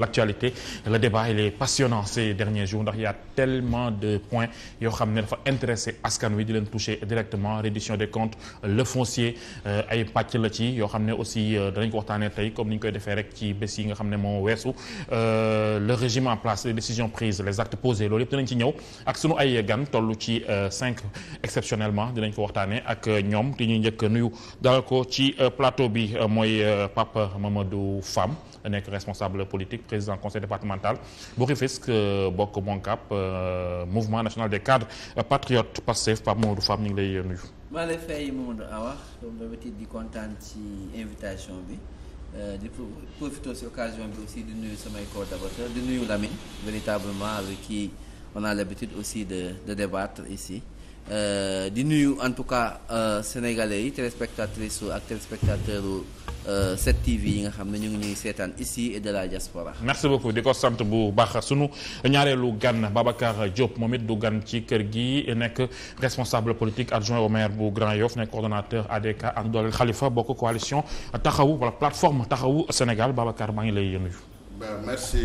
l'actualité le débat il est passionnant ces derniers jours ndax y a tellement de points yoo xam ne dafa intéressé askan wi di leen toucher directement reddition des comptes le foncier euh, ay pàcc la ci yoo xam ne aussi euh, danañ ko waxtaanee tey comme ni ñu koy defee rek ci bés yi nga xam ne moo weesu euh, le régime en place les décisions prises les actes posés loolu yëpp dinañ ci ñëw ak sunu ay gan toll ci cinq exceptionnellement dinañ ko waxtaanee ak ñoom di ñuy njëkk nuyu dalal ko ci plateau bi mooy Pape Mamadou Fam nekk responsable politique président conseil départemental bu Rufisque euh, bokk Moncap euh, mouvement national des cadres euh, patriotes Pastef Pape Modou Fam ñu ngi lay nuyu. maa lay fay Mamadou Awa di kontaan ci invitation bi. di profiter ci occasion bi aussi di nuyu samay collaborateurs di nuyu Lamine véritablement avec qui on a l'habitude aussi de de débattre ici di nuyu en tout cas sénégalais yi téléspectatrices ak téléspectateurs 7 euh, TV yi nga xam ne ñu ngi ñuy seetaan ici et de la diaspora. merci beaucoup di ko sant bu baax sunu ñaareelu gan Babacar Diop moom it du gan ci kër gi nekk responsable politique adjoint au maire bu Grand Yoff nekk coordonnateur ADK ànd dooleel Khalifa bokk coalition taxawu wala plateforme taxawu Sénégal Babacar maa ngi lay nuyu. ben merci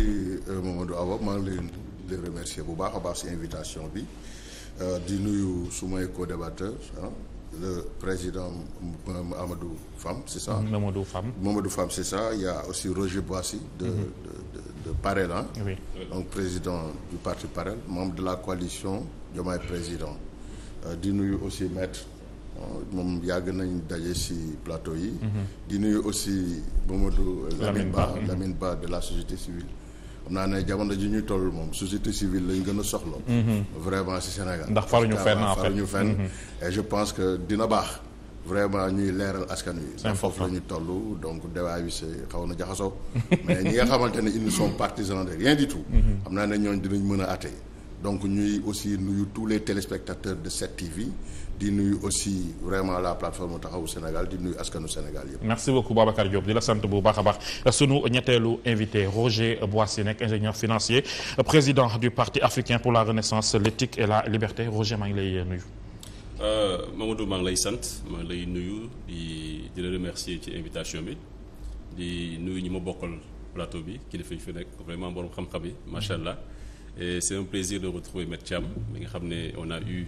euh, Mamadou Awa maa ngi lay remercier bu baax a baax si invitation bi euh, di nuyu sumay co-débatteur le président Amadou Fam, c'est ça Mamadou Fam. Mamadou Fam, c'est ça. Il y a aussi Roger Boissy de, mm donc président du parti Parel, membre de la coalition Diomaye Président. Euh, di nuyu aussi maître euh, moom yàgg nañ daje si plateau yi. Mhm. di nuyu aussi Mamadou euh, Lamine Ba Lamine Ba de la société civile. xam naa ne jamono ji ñuy toll moom société civile lañ gën a soxla. Mhm. vraiment ci Sénégal. ndax faruñu fenn en a faruñu fenn. Mhm. je pense que dina baax vraiment ñuy leeral askan wi. ndax foofu la ñu toll donc débat bi c'est xaw na jaxasoo. mais ñi nga xamante ne ils ne sont de rien du tout. Mhm. xam naa ne ñooñu dinañ mën a àtte donc ñuy aussi nuyu tous les téléspectateurs de cette TV. di nuyu aussi vraiment la plateforme taxawu Sénégal di nuyu askanu Sénégal yëpp. merci beaucoup Babacar Diop di la sant bu baax a baax sunu ñetteelu invité Roger Boissy nekk ingénieur financier président du parti africain pour la renaissance l'éthique et la liberté Roger maa ngi lay nuyu. Euh, Mamadou maa ngi lay sant maa lay nuyu di la remercier ci invitation bi di nuyu ñi ma bokkal plateau bi kilifa yi fi nekk vraiment borom xam-xam yi macha allah. et c'est un plaisir de retrouver Maître Thiam mi nga xam ne on a eu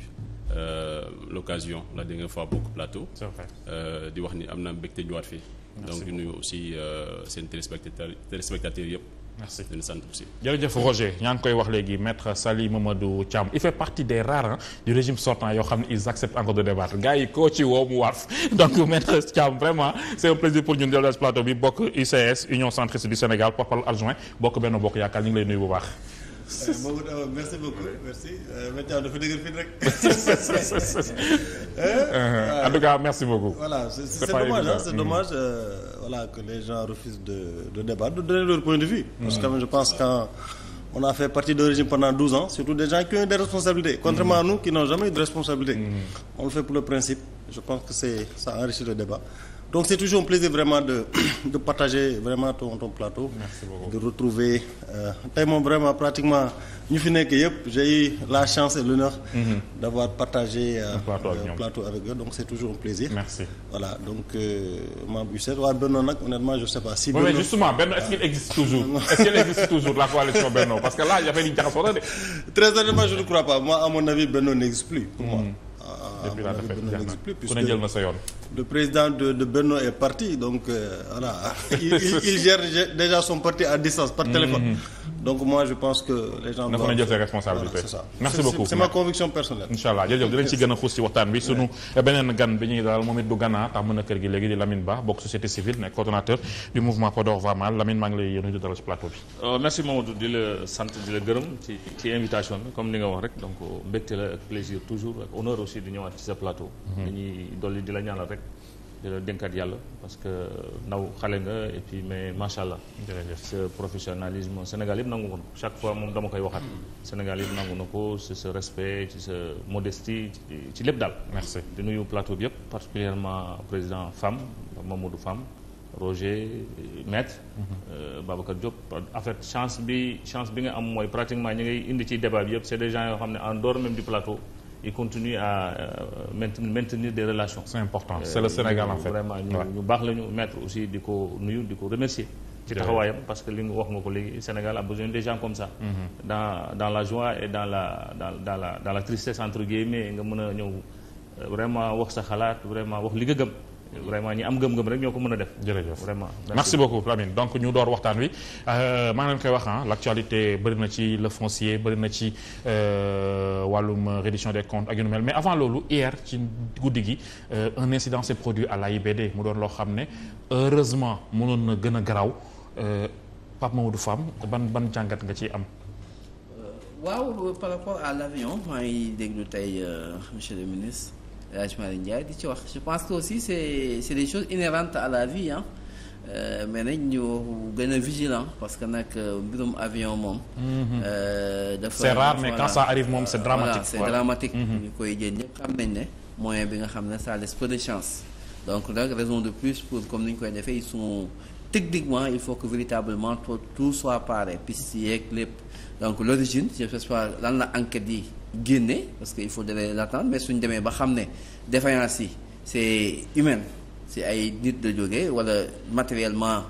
euh, l'occasion la dernière fois bokk plateau euh, di wax ni am naa mbégte ñëwaat fi donc di nuyu aussi euh, seen téléspectateur téléspectateurs yëpp sant aussi. jërëjëf Roger ñaa ngi koy wax léegi maître Sali Mamadou Thiam il fait partie des rares hein, du régime sortant yoo xam ne ils acceptent encore de débattre gars yi koo ci woo mu warf donc maître Thiam vraiment c' est un plaisir bi bokk UCS Union centriste du Sénégal porte-parole adjoint bokk benn Bokk Yaakaar ñu ngi lay nuyu bu baax. Euh, Maodo euh, merci beaucoup merci euh, Mathiaw a dëgër fii rek. Uh-huh. en tout cas merci beaucoup. voilà c' dommage voilà que les gens refusent de de débattre de donner leur point de vue. parce que mm. je pense quand a fait partie de régime pendant douze ans surtout des gens qui ont des responsabilités. Mm. contrairement à nous qui n'ont jamais eu de responsabilité. Mm. on le fait pour le principe je pense que c' ça enrichit le débat. donc c'est toujours un plaisir vraiment de de partager vraiment ton ton plateau. merci beaucoup de retrouver euh, tey euh, moom pratiquement ñu fi nekk yëpp j'ai la chance et l'honneur mm -hmm. d'avoir partagé. Euh, plateau ak euh, plateau donc c'est toujours un plaisir. voilà donc euh, ma Bussette waa Benno nag honnêtement je sais pas. si Benno est qu'il ah. existe toujours est qu'il existe toujours la coalition Benno parce que là y avait une jaxasoo de. très honnêtement je ne crois pas moi à depuis la défaite jeex na le président de de Benno est parti donc euh, voilà déjà son parti à distance par téléphone. Mhm. donc moi je pense que les gens. dafa na jël seen responsabilité voilà, merci beaucoup c'est ma conviction personnelle. ci gën a xuus ci waxtaan bi sunu beneen gan bi ñuy daal moom it du ganaa tax mën a kër gi léegi di Lamine Ba bokk société civile nekk coordonnateur du mouvement Podor va mal Lamine maa ngi lay nuyu dalal ci plateau bi. Euh, merci Mamadou di la sant di la gërëm ci invitation comme ni nga wax rek donc mbégte la ak plaisir toujours ak honneur aussi di ñëwaat ci sa plateau. Mhm. dañuy dolli di la ñaanal di la dénkaat yàlla parce que ndaw xale nga et puis mais macha allah. jërëjëf ce Sénégal yëpp nangu ko chaque fois moom dama koy waxaat. Sénégal yëpp nangu na ko ci sa respect ci sa modestie ci lépp daal. merci di nuyu plateau bi yëpp particulièrement président Fam Mamadou femme Roger Maître. Mhm. Euh, Babacar Diop en fait chance bi chance bi nga am mooy pratiquement ñi ngay indi ci débat bi yëpp c'est des gens xam ne en dehors même du plateau. il continuer à euh, maintenir des relations. c'est important euh, c'est Sénégal en fait vraiment ñu baax la ñu maître aussi di ko nuyu di ko remercier. ci taxawaayam parce que li nga wax nga ko li Sénégal a besoin des gens comme ça. Mm-hmm. dans dans la joie et dans la dans la dans la tristesse entre guillemets nga mën a ñëw euh, vraiment wax sa xalaat vraiment wax li nga gëm. vraiment ñi am gëm-gëm rek ñoo ko mën a def. jërëjëf vraiment merci beaucoup Lamine donc ñu door waxtaan wi euh, maa ngi leen koy wax ah l' actualité bëri na ci le foncier bëri na ci euh, wàllum reddition des comptes ak yu mel mais avant loolu hier ci guddi gi euh, un incident s'est produit à l'AIBD mu doon loo xam ne heureusement mënoon na gën a garaaw Pape Mamadou Fam ban ban jàngat nga ciy am. waaw par rapport à l' avion maa ngi déglu tey monsieur le ministre. El Hadj Malick Ndiaye di ci wax je pense que aussi c'est c'est des choses inhérentes à la vie ah mais nag ñu gën a vigilant parce que nag euh, mbirum avion moom. Mhm. Euh, dafa c'est rare mais quand ça arrive moom c'est dramatique. voilà c'est dramatique. Mhm. ñu koy jël ñëpp xam nañ ne moyen bi nga xam ne saa laisse peu de chance donc nag raison de plus pour comme ni ñu koy defee ils sont techniquement il faut que véritablement tout tout soit paré piste yeeg lépp donc l'origine je ne pas lan la enquête yi. génne parce que il faut délai l'attendre mais suñ demee ba xam ne défaillance yi c'est humaine si ay nit la jógee wala matériellement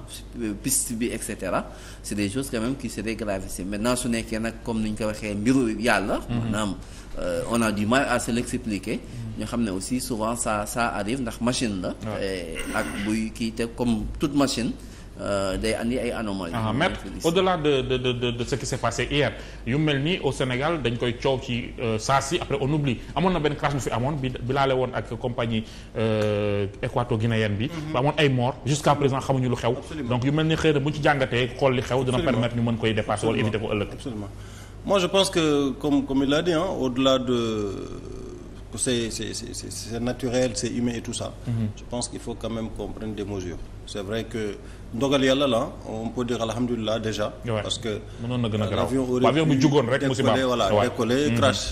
piste bi et cetera c'est des choses quand même qui seraient gravissimes maintenant su nekkee nag comme ni ñu ko waxee mbiru yàlla mhm. maanaam euh, on a du mal à se l'expliquer ñu xam ne aussi souvent ça ça arrive ndax machine la ak buy kii te comme toute machine Euh, day andi ay anomalies. Ah, maître au-delà de de de de ce qui s'est passé hier yu mel nii au Sénégal dañ koy coow ci euh, saa si après on oublie amoon na benn crash bu fi amoon bi bi woon ak compagnie euh, équato-guinéenne bi. Mhm. amoon ay morts jusqu'à présent xamuñu lu xew. donc yu mel ni xëy na bu ñu ci jàngatee xool li xew. dina permettre ñu mën koy dépasser wala éviter ko ëllëg. moi je pense que comme comme il l'a dit hein, au-delà de. c'est c'est naturel c'est humain et tout ça mm -hmm. je pense qu'il faut quand même qu'on prenne des mesures c'est vrai que ndogal yàlla la on peut dire alhamdulilah déjà parce que a euh, garaaw l'avion aurait pu décoller voilà décoller mhm. crash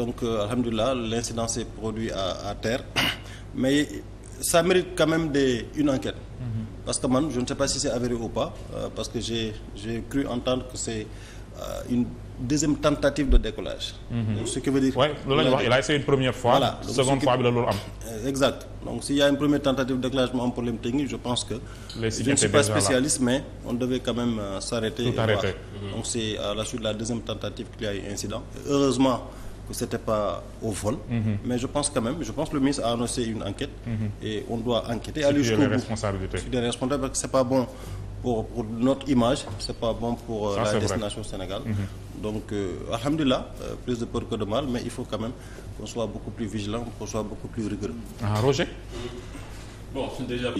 donc euh, alhamdulilah l'incident s'est produit à, terre mais ça mérite quand même des une mhm. parce que je ne sais pas si c'est avéré ou pas euh, parce que j'ai cru entendre que c'est Euh, une deuxième tentative de décollage. Mhm. ce qui veut dire. oui loolu la ñuy wax a une première fois. seconde fois bi la euh, exact s'il y a une première tentative de décollage mu problème technique je pense que. je ne mais on devait quand même euh, s'arrêter mhm. donc c'est à la suite de la deuxième tentative qu'il y a eu incident heureusement. que c'était pas au vol. Mhm. mais je pense quand même je pense que le ministre a annoncé une enquête. et on pour pour notre image c'est pas bon pour euh, Ça, la destination vrai. Sénégal mm -hmm. donc euh, euh, plus de peur que de mal mais il faut quand même qu'on soit beaucoup plus vigilant qu'on soit beaucoup plus rigoureux ah, Roger mhm.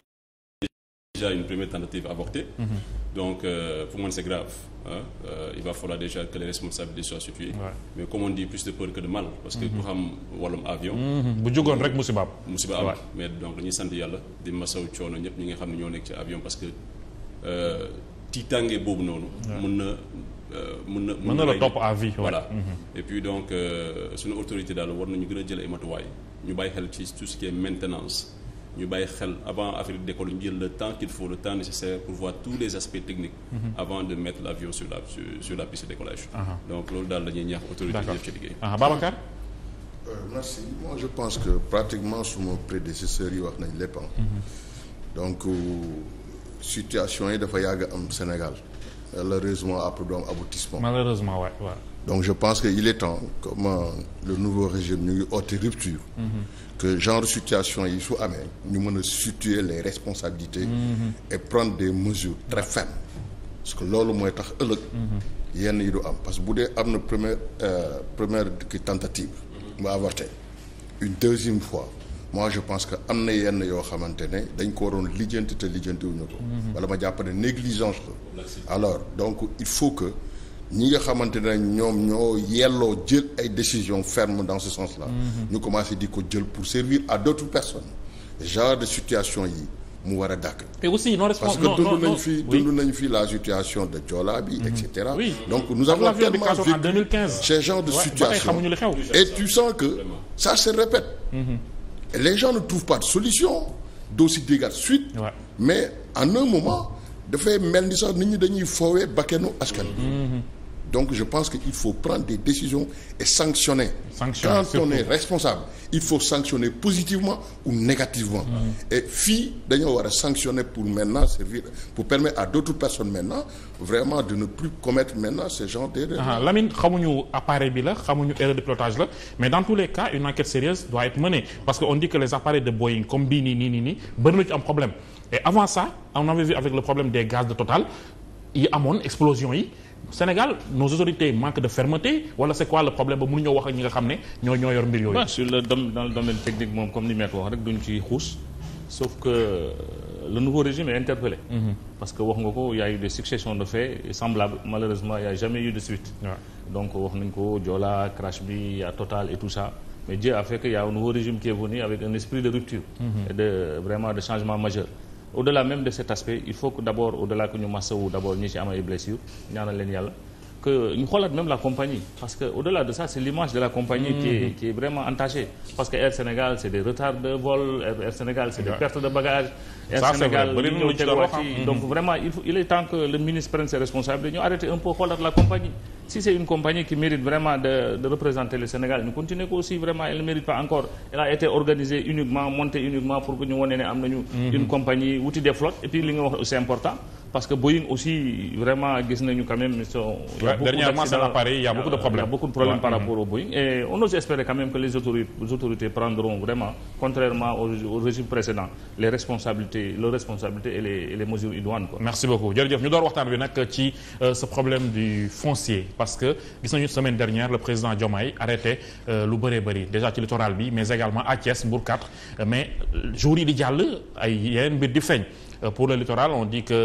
donc euh, pour moi grave euh, il va falloir déjà que les responsabilités soient situées ouais. mais comme on dit plus de peur que de mal parce que ku mhm. xam wàllum avion mhm. bu jógoon rek musiba am musiba am mais donc dañuy sant yàlla di masaw coono ñëpp ñi nga xam ne ñoo nekk Euh, tiitange boobu noonu. mun na euh, mun na. mën na la topp à vie. voilà mhm. et puis donc euh, suñu autorité daal war na ñu gën a jël ay matuwaay ñu bàyyi xel ci tout ce qui maintenance ñu bàyyi xel avant affaire di décoller ñu jël le temps qu'il faut le temps nécessaire pour voir tous les aspects techniques. Mhm. avant de mettre l'avion sur la sur la piste de décollage. Ah ah. donc loolu daal dañuy ñaax autorité yi def ci liggéey. Ah, Babacar. merci moi je pense que pratiquement suma prédécesseurs yi wax nañ lépp situation yi dafa yàgg am Sénégal malheureusement après doom aboutissement. malheureusement waaw ouais, ouais. donc je pense que il est temps comme euh, le nouveau régime ñu ngi oote rupture. Mm-hmm. que genre situation yi su amee ñu mën a situer les responsabilités. Mm -hmm. et prendre des mesures très fermes. parce que loolu mooy tax ëllëg. Mm-hmm. yenn yi du am parce que bu dee am na première euh, première tentative. Mm-hmm. mu avorté une deuxième fois. moi je pense que am na yenn yoo xamante ne dañ ko waroon lijjanti te lijjanti wuñu ko. Mhm. wala ma jàpp ne négligence la. alors donc il faut que ñi nga xamante ne ñoom ñoo yelloo jël ay décision fermes dans ce sens la mhm. ñu commencé di ko jël pour servir à d' autres personnes genre de situation yi mu war a dàkk. te parce que dund nañ fi dund nañ fi la situation de Joola bi. Mhm. et cetera donc nous avons tellement vécu. en 2015 genre de situation et tu sens que ça se répète. les gens ne trouvent pas de solution doo si déggaat suite mais en un moment dafay mel ni sax nit ñi dañuy foowee bakkenu askan Donc je pense qu'il faut prendre des décisions et sanctionner. sanctionner Quand on est responsable, il faut sanctionner positivement ou négativement. Et fii dañoo war a sanctionner pour maintenant servir pour permettre à d'autres personnes maintenant vraiment de ne plus commettre maintenant ce genre d'erreurs. Ah, Lamine xamuñu appareil bi la xamuñu erreur de pilotage la mais dans tous les cas une enquête sérieuse doit être menée parce que on dit que les appareils de Boeing comme bii nii nii nii nii bëri na am problème et avant ça on avait vu avec le problème des amoon explosion yi. Sénégal nos autorités manquent de fermeté wala c'est quoi le problème ba mënuñoo wax ak ñi nga xam ne ñoo ñoo yor mbir yooyu. waaw sur le dans le domaine technique moom comme ni maître wax rek duñ ci xuus sauf que euh, le nouveau régime interpellé. Mhm. parce que wax nga ko y a eu de faits semblables malheureusement a jamais eu de suite. donc wax nañ ko Joola crash bi y Total et tout ça. mais Dieu a fait que nouveau régime qui venu avec un esprit de rupture. Mhm. et au-delà même de cet aspect il faut que d'abord au-delà ñu masawu d'abord ñi ci am ay blessures ñaanal leen yàlla que ñu xoolaat même la compagnie parce que au-delà de ça c'est l'image de la compagnie. Mm. qui est qui parce que Sénégal c'est des retards de vol Air Sénégal c'est des pertes de bagages. Air Sénégal li ñëw teguwaat elle ne mérite pas encore elle a été organisée uniquement montée uniquement pour que ñu wone am nañu. Mm-hmm. une compagnie wuti des flottes et puis li c'est important. parce que Boeing aussi vraiment gis nañu quand même. Sont, il y a ouais, beaucoup dernièrement c'est l'appareil il y a beaucoup de problèmes. Il y a beaucoup de problèmes ouais, par mm-hmm. rapport mm -hmm. au Boeing et on ose espérer quand même que les autorités, prendront vraiment contrairement au, au régime les responsabilités et les, mesures idoines quoi. merci beaucoup jërëjëf ñu door waxtaan bi nag ci euh, foncier parce que gis semaine dernière le président Diomaye arrêté euh, lu bëree bëri déjà ci littoral bi mais également à Thiès Mbour euh, mais jour yi di jàll ay yeneen mbir di feeñ. Euh, pour le littoral on dit que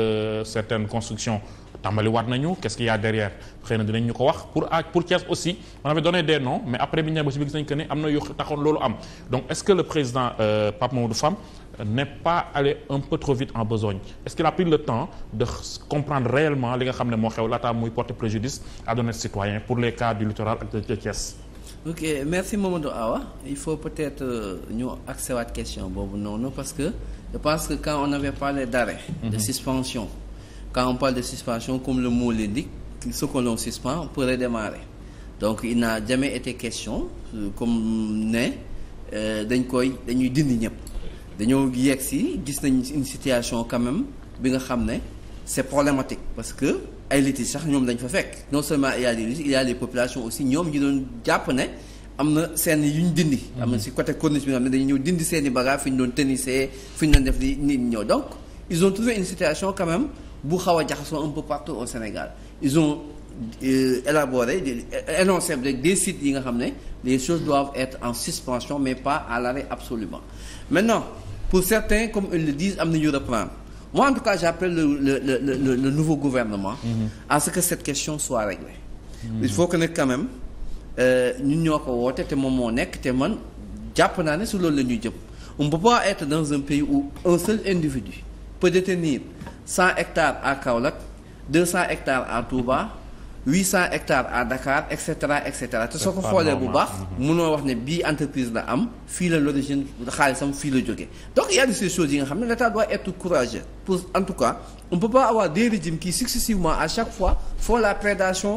certaines constructions tàmbali waat nañu qu'est-ce qu'il y derrière xëy na dinañ ñu ko wax pour ah pour Thiès aussi on avait donné des noms mais après bi ñu ba si bi gis nañ que am na yoo taxoon loolu am donc est-ce que le président euh, Pape Mamadou euh, n'est pas allé un peu trop vite en besogne est-ce qu'il a pris le temps de comprendre réellement li nga xam ne moo xew laataa muy porter préjudice à de nos citoyens pour les cas merci Mamadou Awa il faut peut-être euh, ñu accès question boobu noonu parce que je pense que quand on a parlé d'arrêt de mhm. suspension quand on parle de suspension comme le mot l'indique ce que l'on suspend peut redémarrer donc il n'a jamais été question euh, comme ne euh, dañ koy dañuy dindi ñëpp dañoo yegg si gis nañ une situation quand bi nga xam ne c'est problématique parce que ay litige sax ñoom dañ fa fekk non seulement il y a des il y a les aussi ñoom ñu doon jàpp ne am na seen yu ñu dindi. am na mhm. si côté corniche bi nga xam ne dañu ñëw dindi seen i bagages fi ñu doon tenisee fi ñu def li nit ñëw donc ils ont trouvé une situation quand bu xaw a jaxasoo am peu au Sénégal ils ont euh, élaboré euh, énoncé des sites yi nga xam ne les choses doivent être en suspension mais pas à l'arrêt absolument maintenant pour certains comme ils le disent am na ñu reprendre. moi en tout cas j'appelle le le le mhm. que cette question soit réglée. Mhm. il faut que euh, ñun ñoo ko woote moom moo nekk te man jàpp naa ne su loolu la ñuy jëm on ne peut pas être dans un pays où un seul individu peut à Kaolack deux cent hectares à Touba. 800 hectares à Dakar et cetera et cetera soo ko xoolee bu baax mënoo wax ne bii entreprise la am fii la l'origine xaalisam fii la jógee donc il y a des choses yi nga xam ne l'État doit être courageux pour en tout cas on ne peut pas avoir des régimes qui successivement à chaque fois font la prédation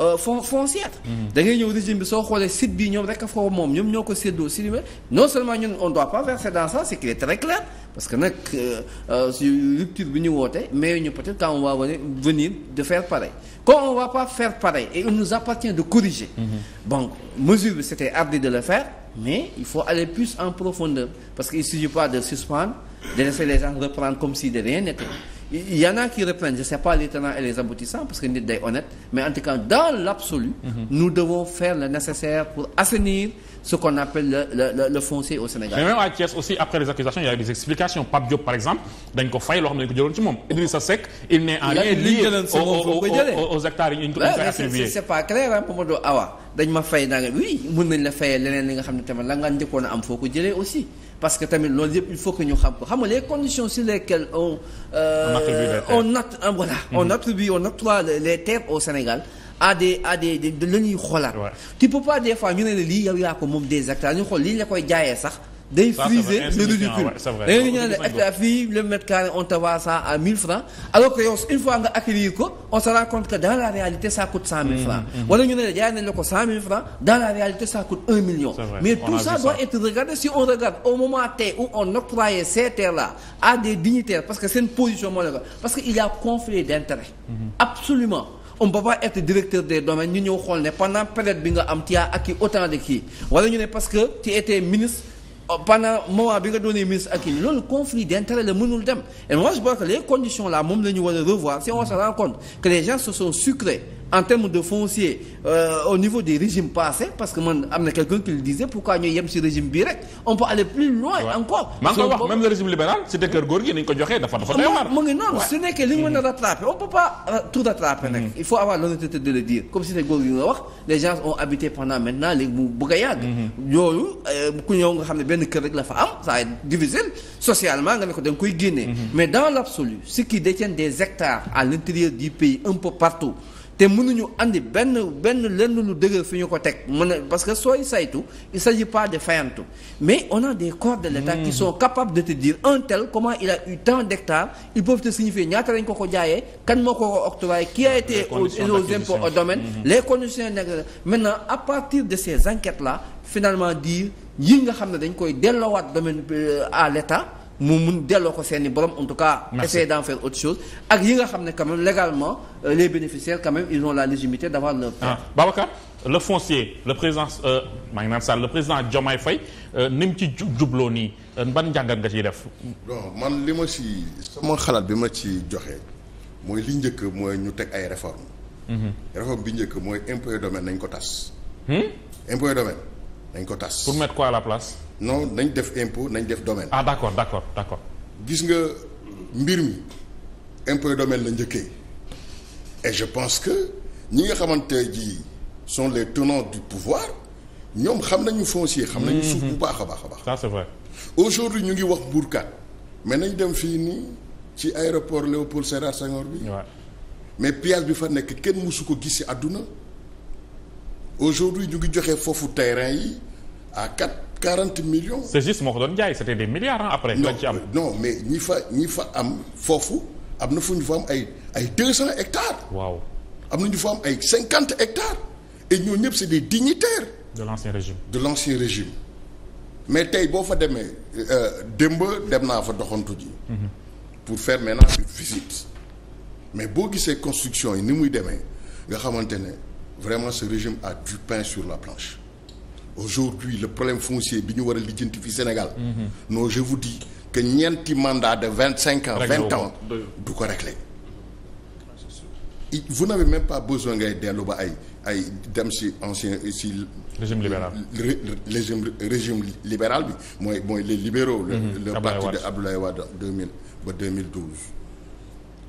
Euh, fon foncière. Mhm. ñëw régime bi soo xoolee site bi ñoom rek a foofu moom ñoom ñoo ko séddoo si non seulement ñun on doit pas verser dans ça c'est qu'il est très clair parce que nag euh, euh, rupture bi ñu woote mais ñu peut-être on va venir de faire pareil quand on va pas faire pareil et il nous appartient de corriger. Mhm. bon mesure bi c'était ardu de laisser les gens reprendre comme si de rien n'était il y en a je sais pas les tenants les aboutissants parce que nit day honnête mais en tout cas dans l'absolu mhm. nous devons faire le nécessaire pour assainir ce qu'on appelle le, le, au Sénégal mais après les accusations il y des explications Pape Diop par exemple dañ ko fay loo xam ne dañ ko jëloon ci moom Idrissa Seck il n'est en rien lié aux hectares yi ñu ko attribué c'est pas clair hein Mamadou ma nga xam ne tamit la ko jëlee aussi parce que tamit loolu yëpp il faut que ñu xam ko xam nga les conditions sur lesquelles on. Euh, on attribue on euh, voilà mm -hmm. on attribue on octroie les terres au Sénégal. à des à des de la ñuy xoolaat. tu peux pas des fois ñu ne lii yow yaa ko moom des hectares ñu xool lii la koy jaayee sax. day friser le ridicule dañu ñëw ne fii le mètre carré on te à 1000 francs alors yow une fois nga acquérir ko on se rend compte dans la réalité ça coûte 100000 mm, mm. wala ñu ne la jaay nañ parce que seen position moo la parce que il y a d'intérêt mm-hmm. absolument on ne peut directeur des domaines ñu ñëw xool ne pendant période bi nga am tu as acquis autant de wala ñu ne parce que tu étais ministre Euh, pendant moment bi nga doonee ministre ak kii loolu conflit d'intérêt la mënul dem et moi je pense que les conditions là moom la ñu war a revoir si on se rend compte que gens se sont en termes de foncier euh, au niveau des régimes passés parce que man am na quelqu'un qui le disait pourquoi ñuy yem ci régime bii rek on peut aller plus loin encore maa ngi koy wax même le régime libéral si dëkk kër góor gi ni ñu dafa dafa doy waar mu ngi noonu su nekkee li ñu mën a mm-hmm. rattraper on peut pas euh, tout rattraper nag mm-hmm. il faut avoir l'honnêteté de le dire comme si ne góor gi nga wax les gens ont habité pendant maintenant léegi mu bëgg yàgg mm-hmm. yooyu euh, xam ne benn kër la fa am ça est divisé socialement nga ne ko da nga koy mais dans l'absolu ceux qui détiennent te mënuñu andi benn benn lenn lu dëgër fi ñu ko teg mën parce que sooy saytu il s'agit pas de fayantu mais on a des corps de l'État qui hmm. sont capables de te dire un tel comment il a eu tant d'hectares ils peuvent te signifier ñaata lañ ko ko jaayee kan moo ko ko octroyé qui a été aux impôts au domaine hmm. les conditions neg maintenant à partir de ces enquêtes la finalement dire yi nga xam ne dañ koy delloowaat domaine euh, à l'État mu mun delloo ko seeni borom en tout cas. essayer d'en faire autre chose ak yi nga xam ne quand même légalement euh, les bénéficiaires quand même ils ont la légitimité d'avoir leur part. Ah, Babacar le foncier le président euh, maa ngi naan Sall le président Diomaye fay euh, ni mu ci jubloo nii ban njàngat nga ciy def. bon man li ma ci sama xalaat bi ma ci joxe mooy li njëkk mooy ñu teg ay réformes. Mhm. réforme bi njëkk mooy impôt domaine nañ ko tas. Hmm? impôt domaine nañ ko tas. pour mettre ko à la place. non nañ def impôt nañ def domaine. ah d'accord d'accord d'accord. gis nga mbir mi impôt domaine la njëkkee et je pense que ñi nga xamante ji son les tenants du pouvoir ñoom xam nañu foncier. xam nañu suuf bu mhm. baax a baax a baax. ça c'est vrai. aujourd'hui ñu ngi wax mbuurkat mais nañ dem fii nii ci aéroport Léopold Sédar Senghor bi. mais pièce bi fa nekk kenn mosu ko gis ci àdduna. aujourd'hui ñu ngi joxe foofu terrain yi à quatre. 40 millions. c'est juste moo ko doon jaay c'était des milliards après. lañ ci am non mais ñi fa ñi fa am foofu am na fu ñu fa am ay ay 200 hectares. waaw am na ñu fa am ay 50 hectares et ñoo ñëpp si des dignitaires. de l'ancien régime de l'ancien régime. mais tey boo fa demee euh, démb dem naa fa doxantu ji. Mhm. pour faire maintenant une visite. mais boo gisee construction yi ni muy demee nga xamante ne vraiment ce régime a du pain sur la planche. aujourd'hui le problème foncier bi ñu war a lijjanti fi Sénégal. Mhm. non je vous dis que ñeenti mandat de vingt cinq ans. vingt ans du ko régler. vous n'avez même pas besoin ngay dellu ba ay ay dem si ancien si. régime libéral bi mooy mooy les libéraux. le mhm. le parti de Abdoulaye Wade 2000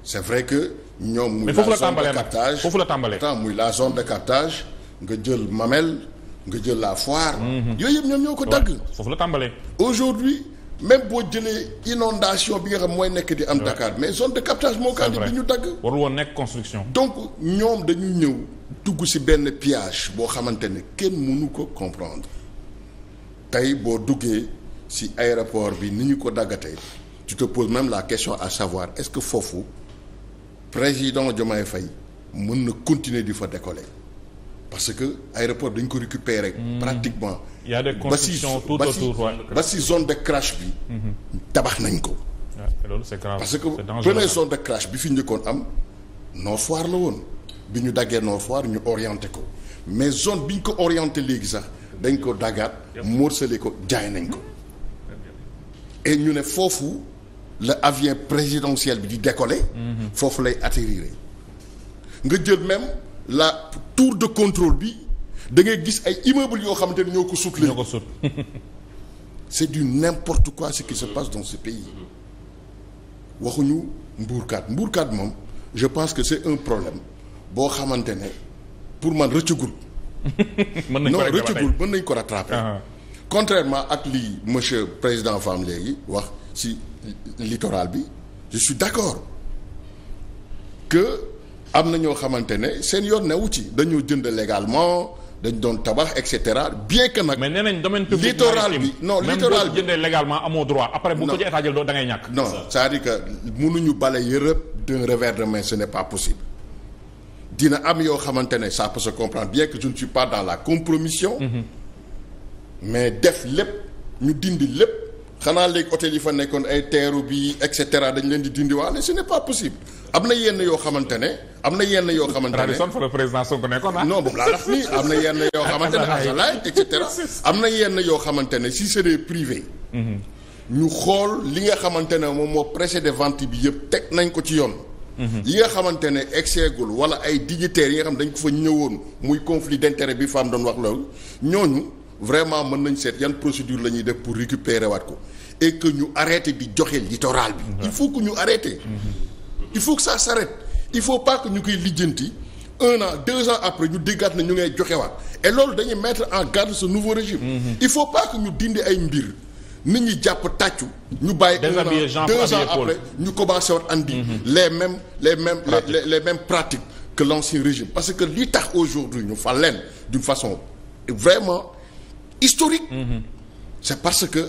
c'est vrai que ñoom. muy la zone de captage foofu la tàmbalee foofu la muy la zone de captage nga jël Mamel. nga jël la foire. Mhm. yooyu yëpp ñoom ñoo ko dagg. foofu la tàmbalee. aujourd'hui même boo jëlee inondation bi nga xam mooy nekk di am. Dakar mais zone de captage moo. kandi bi ñu dagg. warul woon nekk construction. donc ñoom dañu ñëw dugg ci benn piège boo xamante ne kenn mënu ko comprendre tey boo duggee ci aéroport bi ni ñu ko daggatee tu te poses même la question à savoir est-ce que foofu président Diomaye Faye mën na continuer di fa décoller. parce que aéroport dañ ko récupérer hmm. pratiquement y a des constructions tout autour ba si zone de crash bi hmm. tabax nañ ko loolu c'est grave parce que première zone de crash bi fi njëkkoon am Nord la woon bi ñu daggee Nord Foire ñu orienté ko mais zone bi ñu ko orienté léegi sax dañ ko daggaat morcelé ko jaay nañ ko et ñu ne foofu la avion présidentiel bi di décoller hmm. foofu lay atterrir nga jël même la tour de contrôle bi da ngay gis ay immeubles yoo xamante ni ñoo ko sut ñoo ko sut c'est du n'importe quoi ce qui se passe dans ce pays waxuñu mbuurkaat mbuurkaat moom je pense que c'est un problème boo xamante ne pour man rëccugul non rëccugul mën nañ ko rattraper ah. contrairement ak li monsieur président Fam léegi wax ci littoral bi je suis d'accord que am na ñoo xamante ne seen yoon newu ci dañoo jënd légalement dañ doon tabax et cetera bien que nag. mais nee nañ domaine public littoral bi non littoral bi jëndee légalement amoo droit après bu ko ci état jël doo da ngay ñàkk. non cest à bale yërëb d'un revers de main ce n'est pas possible. dina am yoo xamante ne ça peut se comprendre bien que je ne suis pas dans la compromission. Mm mais def lépp ñu dindi lépp. xanaa léegi hôtel yi fa nekkoon ay teeru bi et cetera dañ leen di dindiwaale ce n'est pas possible am na yenn yoo xamante ne am na yenn yoo xamante ne fa la président Sonko nekkoon ah non am na yenn yoo xamante ne asalaay na yenn yoo xamante ne si c'est des privés mhm. ñu xool li nga xamante ne moom moo précédé vente bi yëpp teg nañ ko ci yoon mhm. yi nga xamante ne exeegul wala ay dignitaires yi nga xam dañ ko fa ñëwoon muy conflit d'intérêt bi femme doon wax loolu ñooñu vraiment mën nañ seet yan procédure la ñuy def pour récupérer waat ko et que ñu arrêté di joxe littoral bi. il faut que ñu arrêté. Mm-hmm. il faut que ça s'arrête il faut pas que ñu koy lijjanti un an deux ans après ñu déggaat na ñu ngay joxe joxewaat et loolu dañuy mettre en garde ce nouveau régime. Mm-hmm. il faut pas que ñu dindi ay mbir. nit ñi jàpp tàccu ñu bàyyi un an deux ans après ñu commencé woon andi mm-hmm. les mêmes les mêmes les, les, les mêmes pratiques que l'ancien régime parce que li tax aujourd'hui ñu fa leen d'une façon vraiment historique c'est parce que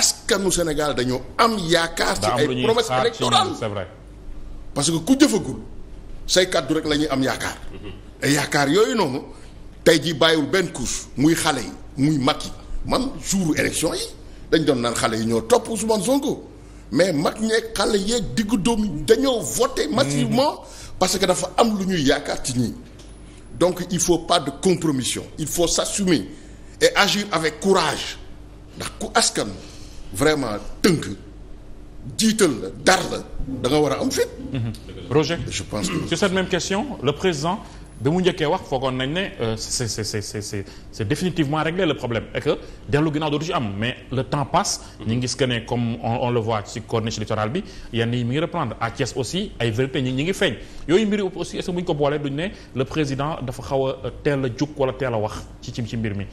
askanu Sénégal dañoo am yaakaar. ci ay promesses électorales c'est vrai. parce que ku jëfagul say kàddu rek lañuy am yaakaar. Mm-hmm. yaakaar yooyu noonu tey jii bàyyiwul benn couche muy xale yi muy mag yi man jouru élection yi dañ doon naan xale yi ñoo topp Ousmane Sonko mais mag ñeeg xale yeeg diggu doom yi dañoo voté massivement mm-hmm. parce que dafa am lu ñuy yaakaar ci ñii donc il faut pas de compromission il faut sa s'assumer et agir avec courage ndax ku askan. vraiment tënk jiital la dar la da war a am fit mhm. Roger je pense cette même question le président bi mu njëkkee wax foogoon nañ ne euh, c'est c'est c'est c'est définitivement réglé le problème et que dellu ginnaaw dootu ci am mais le temps passe. ñu ngi gis que ne comme on le voit ci corniche littorale bi yenn yi mi ngi reprendre a Thiès aussi ay vérité ñi ñi ngi feeñ yooyu mbir aussi est-ce bu ñu ko boolee duñ ne le président dafa xaw teel a jug wala teel a wax ci ci mbir mi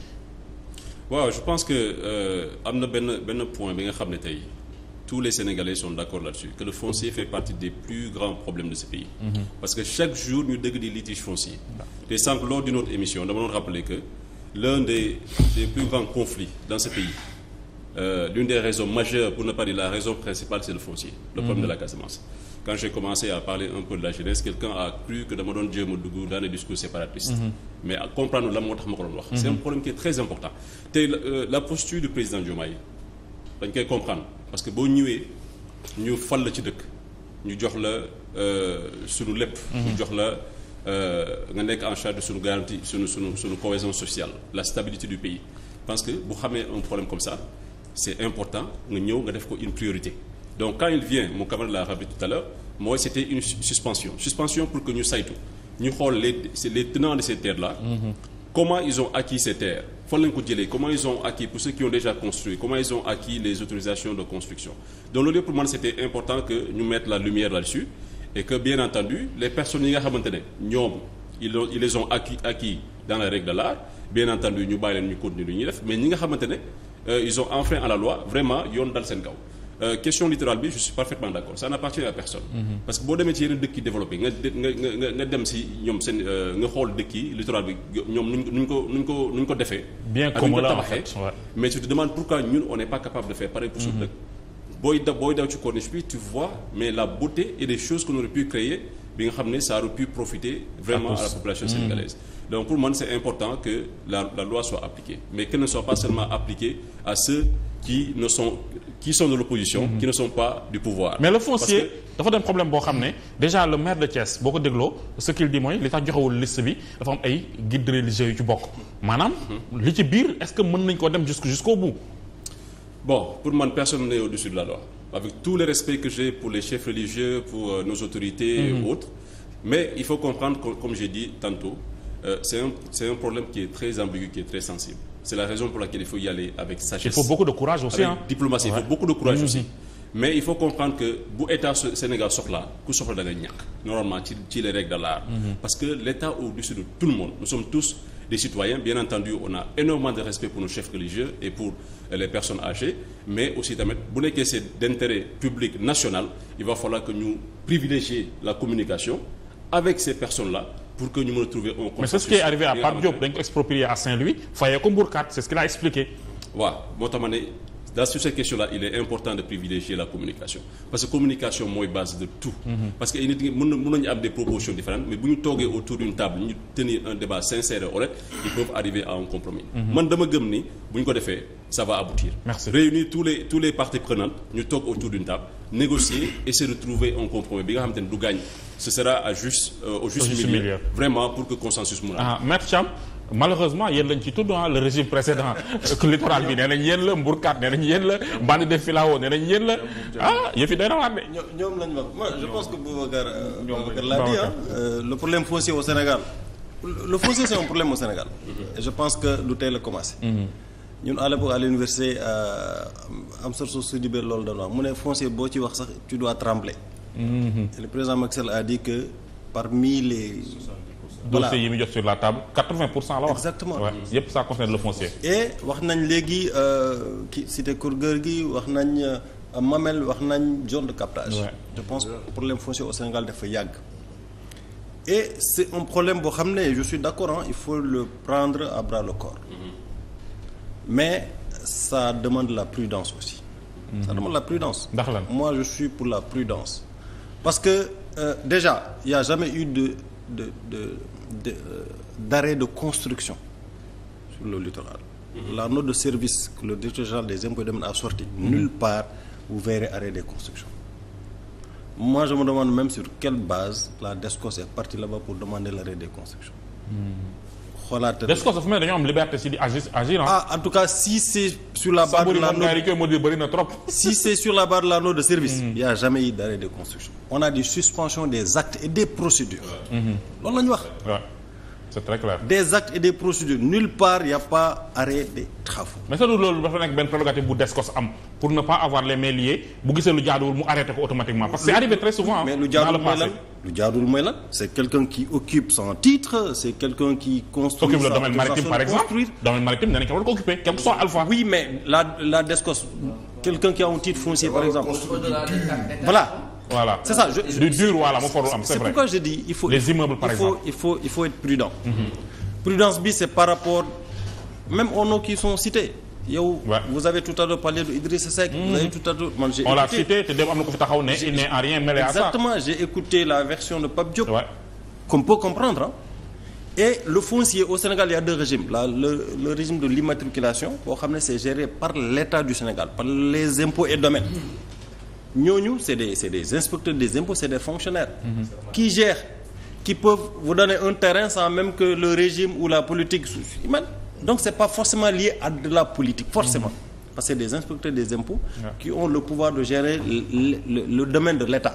waaw je pense que euh, am na benn benn point bi nga xam ne tey tous les Sénégalais sont d'accord là-dessus que le foncier fait partie des plus grands problèmes de ce pays. Mm-hmm. parce que chaque jour ñu dégg di litige foncier. te sànq lors d'une autre émission dama doon rappeler que l'un des des plus grands conflits dans ce pays euh, l'une des raisons majeures pour ne pas dire la raison principale c'est le foncier. le problème mm-hmm. de la Casamance. quand j'ai commencé à parler peu de la jeunesse quelqu'un a cru que dama doon jéem dugg dans les discours séparatistes mm comprendre lan moo tax ma ko doon wax c'est un mhm. problème qui est très important tey euh, la posture du président Diomaye dañ koy comprendre parce que boo ñëwee ñu fal la ci dëkk ñu jox la euh, sunu lépp mhm. ñu jox la euh, nga nekk en charge de sunu suñu sunu sunu sunu cohésion sociale la stabilité du pays parce que bu xamee un problème comme ça c'est important nga ñëw nga def ko une priorité donc quand il vient mon camarade l'a rappelé tout à l'heure mooy c'était une suspension suspension pour que ñu saytu ñu xool les les tenants de ces terres là mm-hmm. comment ils ont acquis ces terres fan lañ ko jëlee comment ils ont acquis pour ceux qui ont déjà construit comment ils ont acquis les autorisations de construction donc loolu yëpp pour man c'était important que ñu mettre la lumière là-dessus et que bien entendu les personnes yi nga xamante ne ñoom ils ont ils les ont acquis acquis dans ñu bàyyi leen ñu ñuy def mais ñi nga xamante ne euh, ils ont enfreint la loi vraiment yoon dal seen kaw Euh, question littorale bi je suis parfaitement d'accord ça n'appartient à personne. Mhm. parce que boo demee ci yeneen dëkk yi nga dem si ñoom seen euh, nga xool dëkk yi bi ñoom nuñ nuñ ko ko nuñ ko defee. bien comme ko tabaxee mais tu te demandes pourquoi ñun on n'est pas capable de faire pareil pour suñu mhm. dëkk. booy daw ci corniche bi tu vois mais la beauté et des choses qu'on aurait pu créer bi nga xam ne ça aurait pu profiter vraiment à la population mhm. sénégalaise donc pour man c'est important que la à qui ne sont qui sont de l'opposition mm -hmm. qui ne sont pas du pouvoir. mais le foncier dafa dem problème boo xam ne déjà le maire de Thiès boo ko dégloo ce qu'il dit mooy li tax joxewul liste bi dafa am ay guides religieux yu ci bokk maanaam. Mhm. li ci biir est-ce que mën nañ koo dem jusqu' jusqu'au bout. bon pour man personne n'est au-dessus de la loi avec tout le respect que j'ai pour les chefs religieux pour euh, nos autorités. Mm -hmm. et mhm. autres mais il faut comprendre que, comme j'ai dit tantôt euh, c'est un c'est un problème qui C'est la raison pour laquelle il faut y avec sagesse. Il faut beaucoup de courage Avec diplomatie, il faut beaucoup de courage mhm. aussi. mais il faut comprendre que bu état Sénégal soxlaa ku soxla da nga ñàkk normalement ci les règles de l'art mhm. parce que l'état au-dessus de tout le monde nous sommes tous des citoyens bien entendu on a énormément de respect pour nos chefs religieux et pour les personnes âgées mais aussi tamit bu nekkee c'est la pour que ñu mën a trouver un consensus mais c'est ce qui est arrivé à Pape dañ ko exproprié à Saint-Louis fayee ko Mbourkat c'est ce qu'il a expliqué waaw moo tax ma ne là sur cette question-là il est important de privilégier la communication parce que communication mooy base de tout mhm. parce que nit mën mën nañu am des propositions différentes mais bu ñu toogee autour d'une table ñu tenir un débat sincère et honnête peuvent arriver à un compromis mhm. ça va aboutir. Merci. réunir tous les tous les de trouver un compromis bi nga xamante ne du gaañ ce sera à juste euh, au juste milieu, milieu vraiment pour que consensus mun a. ah maître malheureusement yéen lañ ci tudd ah le régime précédent littoral bi nee nañ yéen la Mbourkat nee nañ yéen la Bande de Filao nee nañ yéen la ah yëf yi de. ñoom lañ wax je pense que Boubacar. Euh, Boubacar l'a dit euh, le problème foncier au Sénégal. le foncier c'est un problème au Sénégal. Mm-hmm. je pense que ñun à l'époque à l'université euh, Amsatou Sidibé loolu dañu wax mu ne foncier boo ci wax sax tu dois trembler. Mm-hmm. le président Macky Sall a di que parmi les. voilà dossiers yi mu jot sur la table 80 pour cent la wax. exactement yëpp ça concerne le foncier. et wax nañ léegi euh, ki cité Kourgueur gi wax nañ euh, Mamel wax nañ zone de captage. je pense problème foncier au Sénégal dafa yàgg. et c'est un problème boo xam ne je suis d'accord hein, il faut le prendre à bras le corps. Mm-hmm. mais ça demande la prudence aussi. Mm -hmm. ça demande la prudence. ndax lan moi je suis pour la prudence. parce que euh, déjà il y a jamais eu de de de de euh, d'arrêt de construction sur le littoral. Mm -hmm. la note de service que le directeur général des impôts et domaines a sorti mm -hmm. nulle part vous verrez arrêt des constructions. moi je me demande même sur quelle base la DESCOS est partie là-bas pour demander l'arrêt des constructions. Mhm. xoolaat des fois dafa ah, si c'est sur la base de la note de la mm. il y a jamais eu d'arrêt de construction on a des suspensions des actes et des procédures mm-hmm. loolu la ñu c'est très clair. des actes et des procédures nulle part y pas arrêt travaux. mais sax loolu dafa nekk benn prérogative bu DSCOS am pour ne pas avoir les mains liées bu gisee lu jaaduwul mu arrêté ko automatiquement. parce que c'est très souvent. mais lu jaaduwul mooy lan lu jaaduwul mooy lan c'est quelqu'un qui occupe son titre c'est quelqu'un qui construit. occupe par exemple domaine maritime nee nañ ko war ko qui a un titre foncier par exemple. voilà c'est ça je du dur voilà c'est pourquoi je dis il faut par exemple il faut il faut être prudent. Mm-hmm. prudence bi c'est par rapport même aux noms qui sont cités. yow ouais. vous avez tout à l'heure parlé de Idrissa Seck. Mmh. vous avez mm-hmm. tout à l'heure man j'ai écouté te dem de Pape Diop. qu'on peut comprendre et le foncier au Sénégal y a deux régimes la le, régime de l'immatriculation boo xam ne par l'État du Sénégal par les impôts et domaines. Mmh. ñooñu c'est des c'est des inspecteurs des impôts c'est des fonctionnaires mmh. qui gèrent qui peuvent vous donner un terrain sans même que le régime ou la politique man donc c'est pas forcément lié à de la politique forcément mmh. que c'est des inspecteurs des impôts yeah. qui ont le pouvoir de gérer le, le, de l'État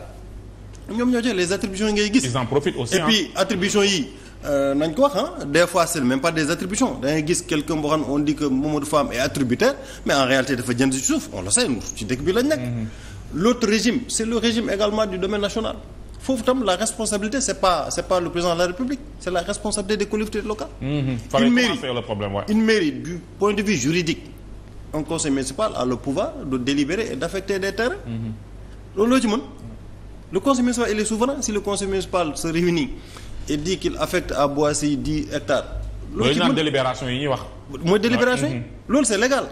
ñoom ñoo jox les attributions yi ngay gis. ils en profitent aussi et yi euh, nañ ko wax ah c'est même pas des attributions da gis quelqu'un boo on dit que Mamadou Fam est attributaire mais en réalité dafa jënd ci suuf bi lañ nekk. Mm-hmm. l'autre régime c'est le régime également du domaine national foofu tam la responsabilité c'est pas c'est pas le président de la République c'est la responsabilité des collectivités locales mmh, mmh. une mairie le problème, ouais. une mairie du point de vue juridique un conseil municipal a le pouvoir de délibérer et d'affecter des terrains mmh, mmh. loolu loo ci mën le conseil municipal il est souverain si le conseil municipal se réunit et dit qu'il affecte à Boissy dix loo loolu ci mën délibération yi ñuy wax mooy délibération yi loolu c'est légal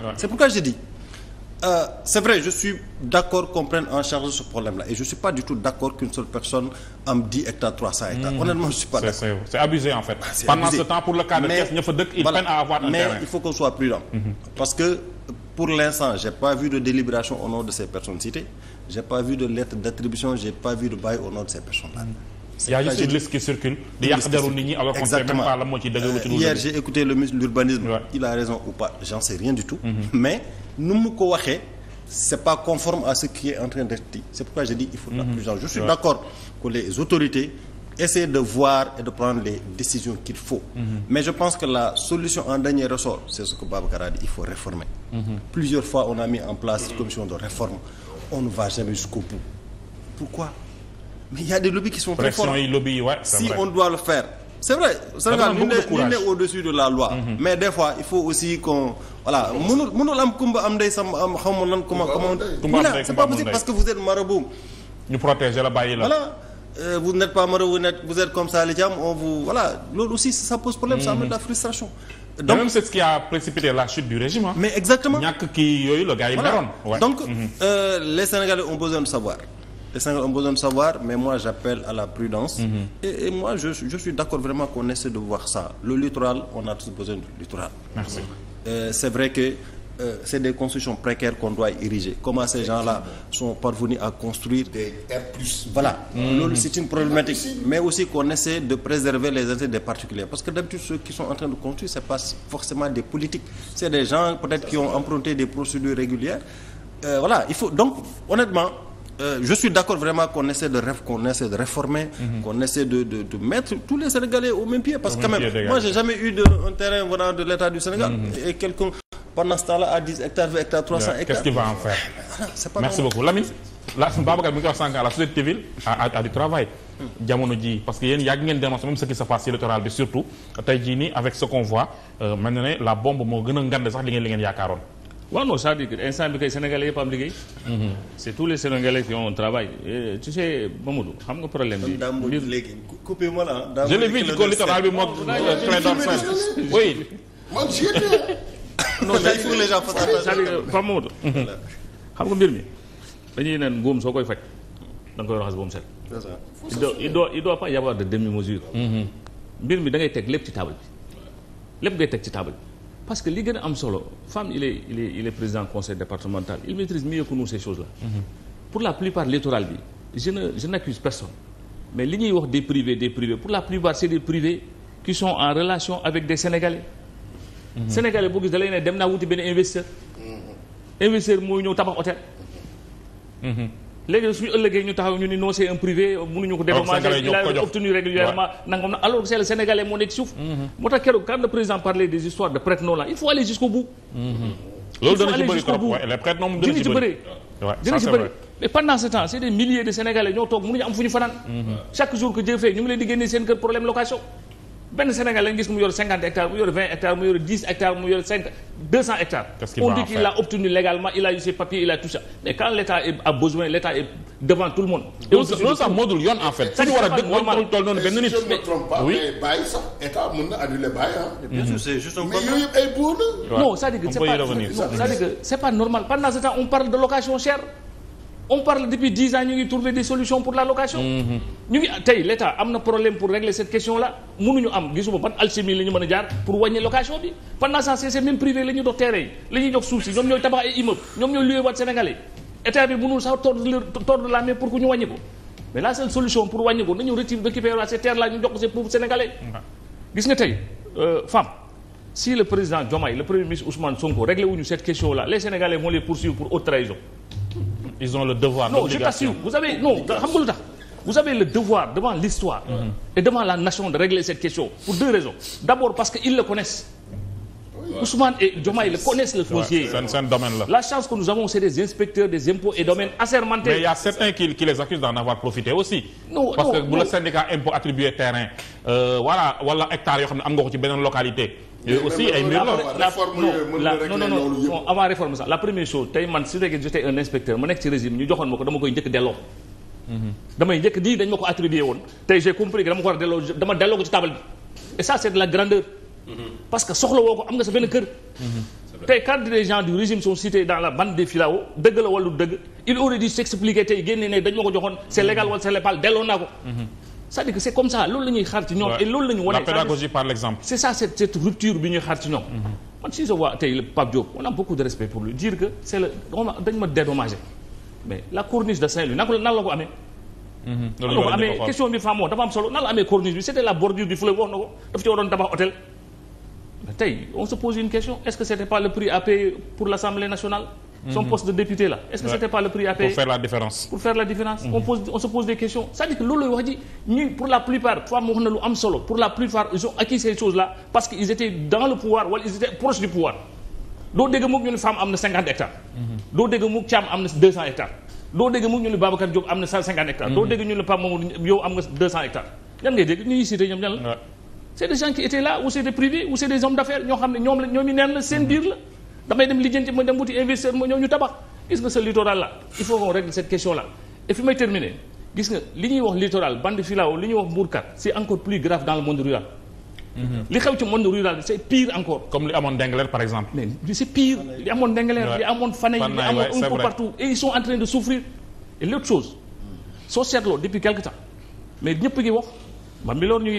Euh, c'est vrai je suis d'accord qu'on prenne en charge ce problème-là et je suis pas du tout d'accord qu'une seule personne am 10 hectares mhm. c'est abusé en fait ah, pendant ce temps pour le cas de Thiès ña fa dëkk il faut qu'on soit prudent mhm. parce que pour l'instant j'ai pas vu de délibération au nom de ces personnes citées j'ai pas vu de lettre d'attribution j'ai pas vu de bail au nom de ces personnes-là mhm. euh, hier j'ai écouté l'urbanisme il a raison nu mu ko waxee c'est pas conforme à ce qui est en train d'être dit c'est pourquoi je dis il faut de la prudence je suis d'accord que les autorités essayer de voir et de prendre les décisions qu'il faut. Mm -hmm. Mais je pense que la solution en dernier ressort, c'est ce que Babacar a il faut réformer. Mhm. Plusieurs fois, on a mis en place une commission de réforme. On ne va jamais jusqu'au bout. Pourquoi Mais il y a des lobbies qui sont très forts. si on doit le voilà mënul mënul am kumba am ndey sam am xaw ma lan. kumba am ndey kumba am c'est pas possible parce que vous êtes marabout. ñu protéger la bàyyi la voilà. Euh, vous n'êtes pas malheureux vous n'êtes vous êtes comme ça li ci am on vous voilà loolu aussi ça pose problème mmh. ça mhm. amène de la frustration. donc mais même c'est ce qui a précipité la chute du régime hein? mais exactement ñàkk kii yooyu la gars yi meroon. voilà donc mmh. euh, les Sénégalais ont besoin de savoir. les Sénégalais ont besoin de savoir mais moi j'appelle à la prudence. Mmh. et et moi je je suis d'accord vraiment qu'on essaie de voir ça le littoral on a tous besoin du littoral. merci. Euh, c'est vrai que euh, c'est des constructions précaires qu'on doit ériger. Comment ces gens-là sont parvenus à construire des R+. Voilà, mmh. c'est une problématique. Mais aussi qu'on essaie de préserver les intérêts des particuliers. Parce que d'habitude, ceux qui sont en train de construire, ce n'est pas forcément des politiques. C'est des gens peut-être qui ont emprunté des procédures régulières. Euh, voilà, il faut donc, honnêtement, euh, je suis d'accord vraiment qu'on essaie de réformer, qu'on essaie mhm. de, mettre tous les Sénégalais au même pied parce que quand même moi j'ai jamais eu de un terrain de l'État du Sénégal mhm. et quelqu'un pendant à 10 hectares hectares 300 yeah. hectares qu'est-ce qu'il va en faire c'est pas merci beaucoup Lamine la Babacar mi ngi la société civile a du travail hmm. jamono ji parce que yéen yàgg ngeen dénoncer même ce qui se passe ci littoral surtout tey jii nii waaw non ça veut dire que instant bi kay sénégalais yëpp am liggéey. Mhm. c' est tous les sénégalais qui ont un travail et tu sais Mamadou xam nga problème bi. mbir léegi coupé ma la ah. je l' ai vu ci littoral bi moom. Clédor Sène oui. man j' étais. non day pour les gens fas c' est à dire Pape Mamadou. xam nga mbir mi dañuy naan ngóom soo koy faj da nga koy raxas ba mu set. c' est ça il doit il doit il doit pas y avoir de demi mesure. Mhm. mbir mi da ngay teg lépp ci table bi lépp ngay teg ci table bi. parce que li gën a am solo femme il est président conseil départemental il maîtrise mieux que nous ces choses là. Mm-hmm. pour la plupart littoral bi je n'accuse personne mais li ñuy wax des privés des privés pour la plupart c'est des privés qui sont en relation avec des sénégalais. Mm-hmm. sénégalais boo gis da lay ne dem naa wuti benn investisseur. Mm-hmm. investisseur mooy ñëw tabax léegi suñu ëllëgee ñu taxaw ñu ni non c'est un privé mënuñu ko dédommager il a obtenu régulièrement nangam na alors que c'est moo nekk suuf mm-hmm. moo tax keroog quand le président parlait des histoires de prête nom il faut aller jusqu'au bout mm-hmm. loolu dana ci bëri trop les prête nom dina ci bëri pendant ce temps c'est des milliers de sénégalais ñoo toog mënuñu am fu ñu fanaan mm-hmm. chaque jour que Dieu fait ñu ngi leen di génnee seen kër problème location benn Sénégal lañ gis mu yor cinquante hectares mu yor vingt hectares mu yor dix hectares mu yor cinq deux cent hectares. on dit qu'il a obtenu légalement il a eu ses papiers il a tout ça mais quand l'État a besoin l'État est devant tout le monde. loolu sax moo dul yoon en fait. suñu war a dëkk war toll noonu benn nit. si je ne me trompe pas mais bàyyi sax état mën na annuler bàyyi ah. bien sûr c'est juste mais yooyu yëpp ay buur la. non c'est-à-dire que c'est pas c'est-à-dire que c'est pas normal pendant ce temps on parle de location chère. on parle depuis dix ans ñu ngi trouver des solutions pour la location. Mm-hmm. ñu ngi tey l' état am na problème pour régler cette question là mënuñu am gisuma ban alchimie la ñu mën a jaar pour wàññi location bi pendant ça c'est privé la ñuy dox yi la jox suuf ñoom ñooy tabax ay immeuble ñoom ñooy loué waat sénégalais état bi mënul sax tordre tordre la main pour que ñu wàññi ko mais la seule solution pour wàññi ko nañu retive récupérer ces terres là gis nga euh, ils ont le devoir non vous avez non xam vous avez le devoir devant l'histoire mhm. et devant la nation de régler cette question pour deux raisons d'abord parce que le connaissent Ousmane et Diomaye le connaissent le foncier. seen domaine la. chance que nous avons c'est des inspecteurs des impôts et domaines assermentés. mais il y a certains qui les accusent d'en avoir profité aussi. non parce que bu la syndicat impôt attribué terrain. Euh, yooyu aussi ay mbir la non non non avant chose tey man si léegi j'étais un inspecteur ma nekk ci régime ñu joxoon ma ko dama koy njëkk delloo mm-hmm. damay njëkk di dañ ma ko attribué woon tey j'ai compris que dama ko war a delloo ko ci table bi et ça c'est la grandeur mm-hmm. parce soxla woo ko am nga sa benn kër mm-hmm. tey quand les gens du régime sont cités dans la bande des filaos dëgg la wàllu dëgg il aurait dû s'expliquer tey génne ne dañ ma ko joxoon c'est légal wala c'est légal delloo naa ko cest à comme ça loolu la ñuy ci ñoom. loolu la ñu la pédagogie par l'exemple. c'est cette rupture bi ñuy xaar ci ñoom. man si je vois tey Pape Diop on a beaucoup de respect pour lui dire que c'est le dañ ma dédommagé la corniche de Saint-Louis nan la ko amee. Mhm. loolu la ko amee question bi faamoo dafa am solo nan la amee corniche bi c'était la bordure du fleuve wax na ko daf ci waroon tabax hôtel. tey on se pose une question est-ce que c'était pas le prix son mhm. poste de député là est-ce que ouais. c'était pas le prix pour faire la différence mhm. on se pose des questions cest dire que loolu lay wax ji ñuy pour la plupart fois wax na lu am solo pour la plupart ils ont acquis ces choses là parce que ils étaient dans le pouvoir wala ils étaient proches du pouvoir doo dégg moom ñu ne femme am na 50 mhm. doo dégg moom Thiam am na 200 doo dégg ñu ne Babacar Diop yow am nga 200 ñan ngay dégg ñu ngi cité ñoom ñan la c'est damay dem lijjanti ma dem wuti investisseur ma ñëw ñu tabax gis nga sa littoral là il faut qu'on règle cette question là et may terminer gis nga li ñuy wax littoral bande filao li ñuy wax mbuurkat c'est encore plus grave dans le monde rural mhm. li xew ci monde rural bi c'est pire encore comme li amoon Dengler par exemple mais c'est pire li amoon Dengler li amoon Fanaye li amoon un peu partout et ils sont en train de souffrir et chose soo seetloo ngi wax Bambilor ñu ñu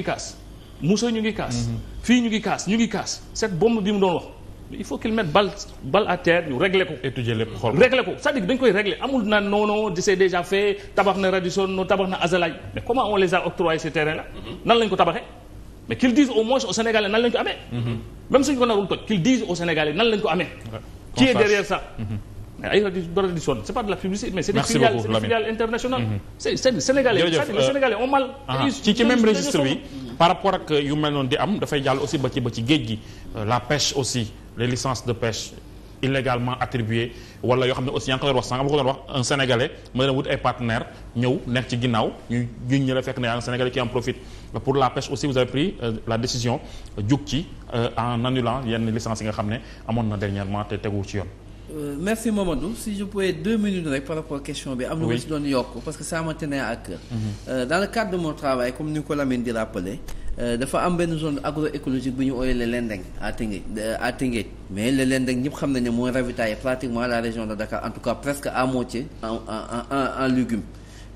ngi kaas mhm. fii ñu ngi kaas ñu ngi kaas cette bombe bi mu doon wax il faut qu'il mette balle balle à ñu réglé ko. étudier lépp xool ko cest dire dañ koy réglé amul na non non c'est déjà fait tabax na Radisson non tabax na Azalaï mais comment on les a octroyé ces terrains là. Mm-hmm. nan lañ ko tabaxee mais qu'ils disent au moins aux Sénégalais nan lañ ko amee. Mm-hmm. même suñ ko narul toj qu'ils disent aux Sénégalais nan lañ ko amee. qui est derrière ça. Mm-hmm. ay Radisson c'est pas de la publicité mais c'est des filiales c'est c'est c'est sénégalais. les licences de pêche illégalement attribuées wala yoo xam ne aussi yaa ngi ko doon wax sànq ma ko doon wax un sénégalais ma dem wut ay partenaires ñëw nekk ci ginnaaw ñu ñun ñu la fekk ne un sénégalais qui en profite pour la pêche aussi vous avez pris euh, la décision jug ci euh, en annulant yenn licences yi nga xam ne amoon na dernièrement te tegu ci yoon. Euh, merci Mamadou si je pouvais deux minutes rek par rapport question bi am na ma si doon yokk parce que ça me tenait à cœur mhm. euh, dans le cadre de mon travail comme ni ko Lamine di rappelé euh, dafa am benn zone agroécologique bu ñu ooyee le Lendeng à Tëngéej à mais le Lendeng ñëpp xam nañ ne mooy ravitailler pratiquement la région de Dakar en tout cas presque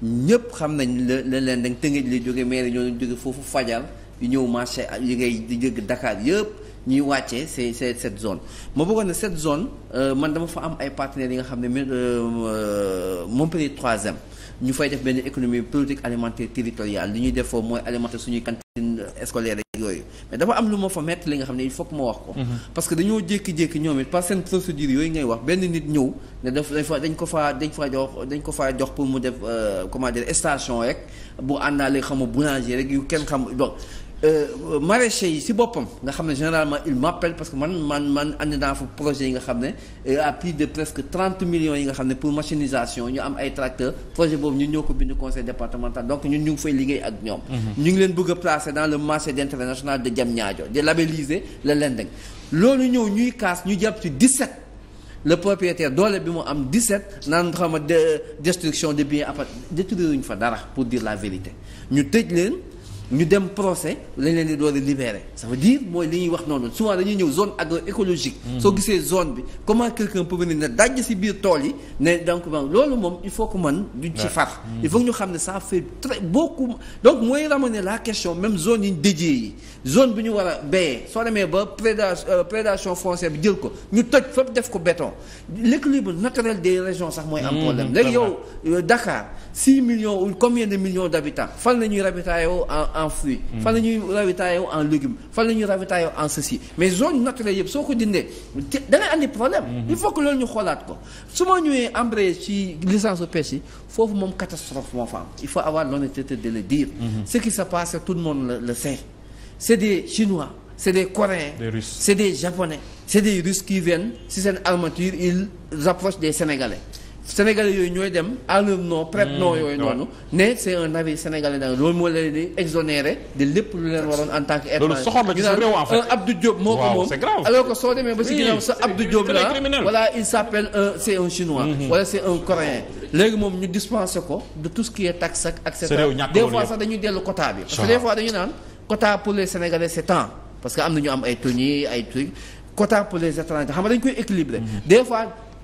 ñëpp xam nañ le le Lendeng Tëngéej lay jógee mais ñoo jóge foofu Fadial yu ñëw marché yi ngay di jëgg Dakar yëpp ñuy wàccee c'est c'est cette zone ma bëggoon ne cette zone euh, man dama fa am ay partenaires yi nga xam ne euh, Montpellier troisième ñu fay def benn économie politique alimentaire territoriale li ñuy def foofu mooy alimenter suñuy cantine euh, scolaire yooyu mais dafa am lu ma fa metti li nga xam ne il faut ma wax ko mhm. parce que dañoo jékki-jékki ñoom it par seen procédure yooyu ngay wax benn nit ñëw dañ ko faa dañ fa jox dañ ko faa jox pour mu def comment dire station rek bu àndaale xam nga boulanger rek Euh, maraîchers yi si boppam nga xam ne généralement il m'appelle parce que man man man andi naa fa projet yi nga xam ne euh, à plus de presque trente millions yi nga xam ne pour machinisation ñu am ay tracteurs projet boobu ñun ñoo ko bind conseil départemental donc ñun ñu ngi fay liggéey ak ñoom. Mhm. ñu ngi leen bëgg a placer dans le marché d'intérêt national de Diamniadio di labelliser le Lendeng loolu ñëw ñuy kaas ñu jàpp ci 17 le propriétaire doole bi mu am 17 naan xam de destruction de biens appartenant fa dara pour la vérité ñu tëj ñu dem procès lañ leen di door a libérer ça veut dire mooy li ñuy wax noonu souvent dañuy ñëw zone agroécologique. Hmm. soo gisee zone bi comment quelqu'un peut venir ne daj si biir tool yi ne donc man loolu moom il faut que man. duñ ci far. Hmm. il faut ñu xam ne ça fait très beaucoup donc mooy ramener la question même zone yi ñu déjee yi zone bi ñu war a béyee soo demee ba prédation euh, prédation foncière bi jël ko ñu toj fépp def ko béton l'équilibre naturel de régions sax mooy. am hmm, problème léegi yow euh, Dakar 6 millions ou combien de millions d'habitants fan la ñuy rabitaayoo en fruits fan la ñuy ravitaillé en légumes fan la ñuy ravitaillé en ceci mais zone naturelle yëpp soo ko dindee da ngay problème mhm. il faut que loolu ñu xoolaat ko su ma ñëwee embrayé ci licence pêche yi foofu moom catastrophe moo fa am il faut avoir l'honnêteté de le dire mhm. ce qui se passe tout le monde le, le sait c'est des chinois c'est des coréens c'est des japonais c'est des russes qui viennent si seen armature ils approchent des sénégalais sénégalais yooyu ñooy dem à leur nom prête mm. nom yooyu noonu ne c'est un navire sénégalais da loolu moo leen di exonéré de lépp lu leen waroon en tant que état Abdou Diop moo ko moom alors que soo demee ba si ginnaaw sa Abdou Diop la voilà il s'appelle un euh, c'est un chinois mm-hmm. wala c'est un coréen léegi moom ñu dispensé ko de tout ce qui est taxe ak et cetera sax dañuy dellu quota bi parce que des dañu naan quota pour les sénégalais c'est tant parce am na ay tonnes ay trucs quota pour les xam dañ koy équilibrer mm-hmm.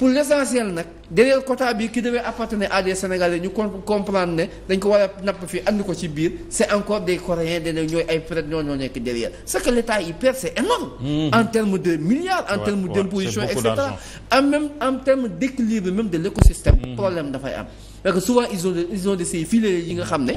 pour l'essentiel nag derrière quota bi qui devait appartenir à des sénégalais ñu comprendre ne dañ ko war a napp fii andi ko ci biir c'est encore des coréens dana ñooy ay prêtres ñoo nekk derrière ce l'état y perd c'est énorme mmh. en termes de milliards en ouais, termes ouais, etc en même en termes d'équilibre même de l'écosystème mmh. problème dafay am parce que souvent ils ont ils ont des pays filets yi nga xam ne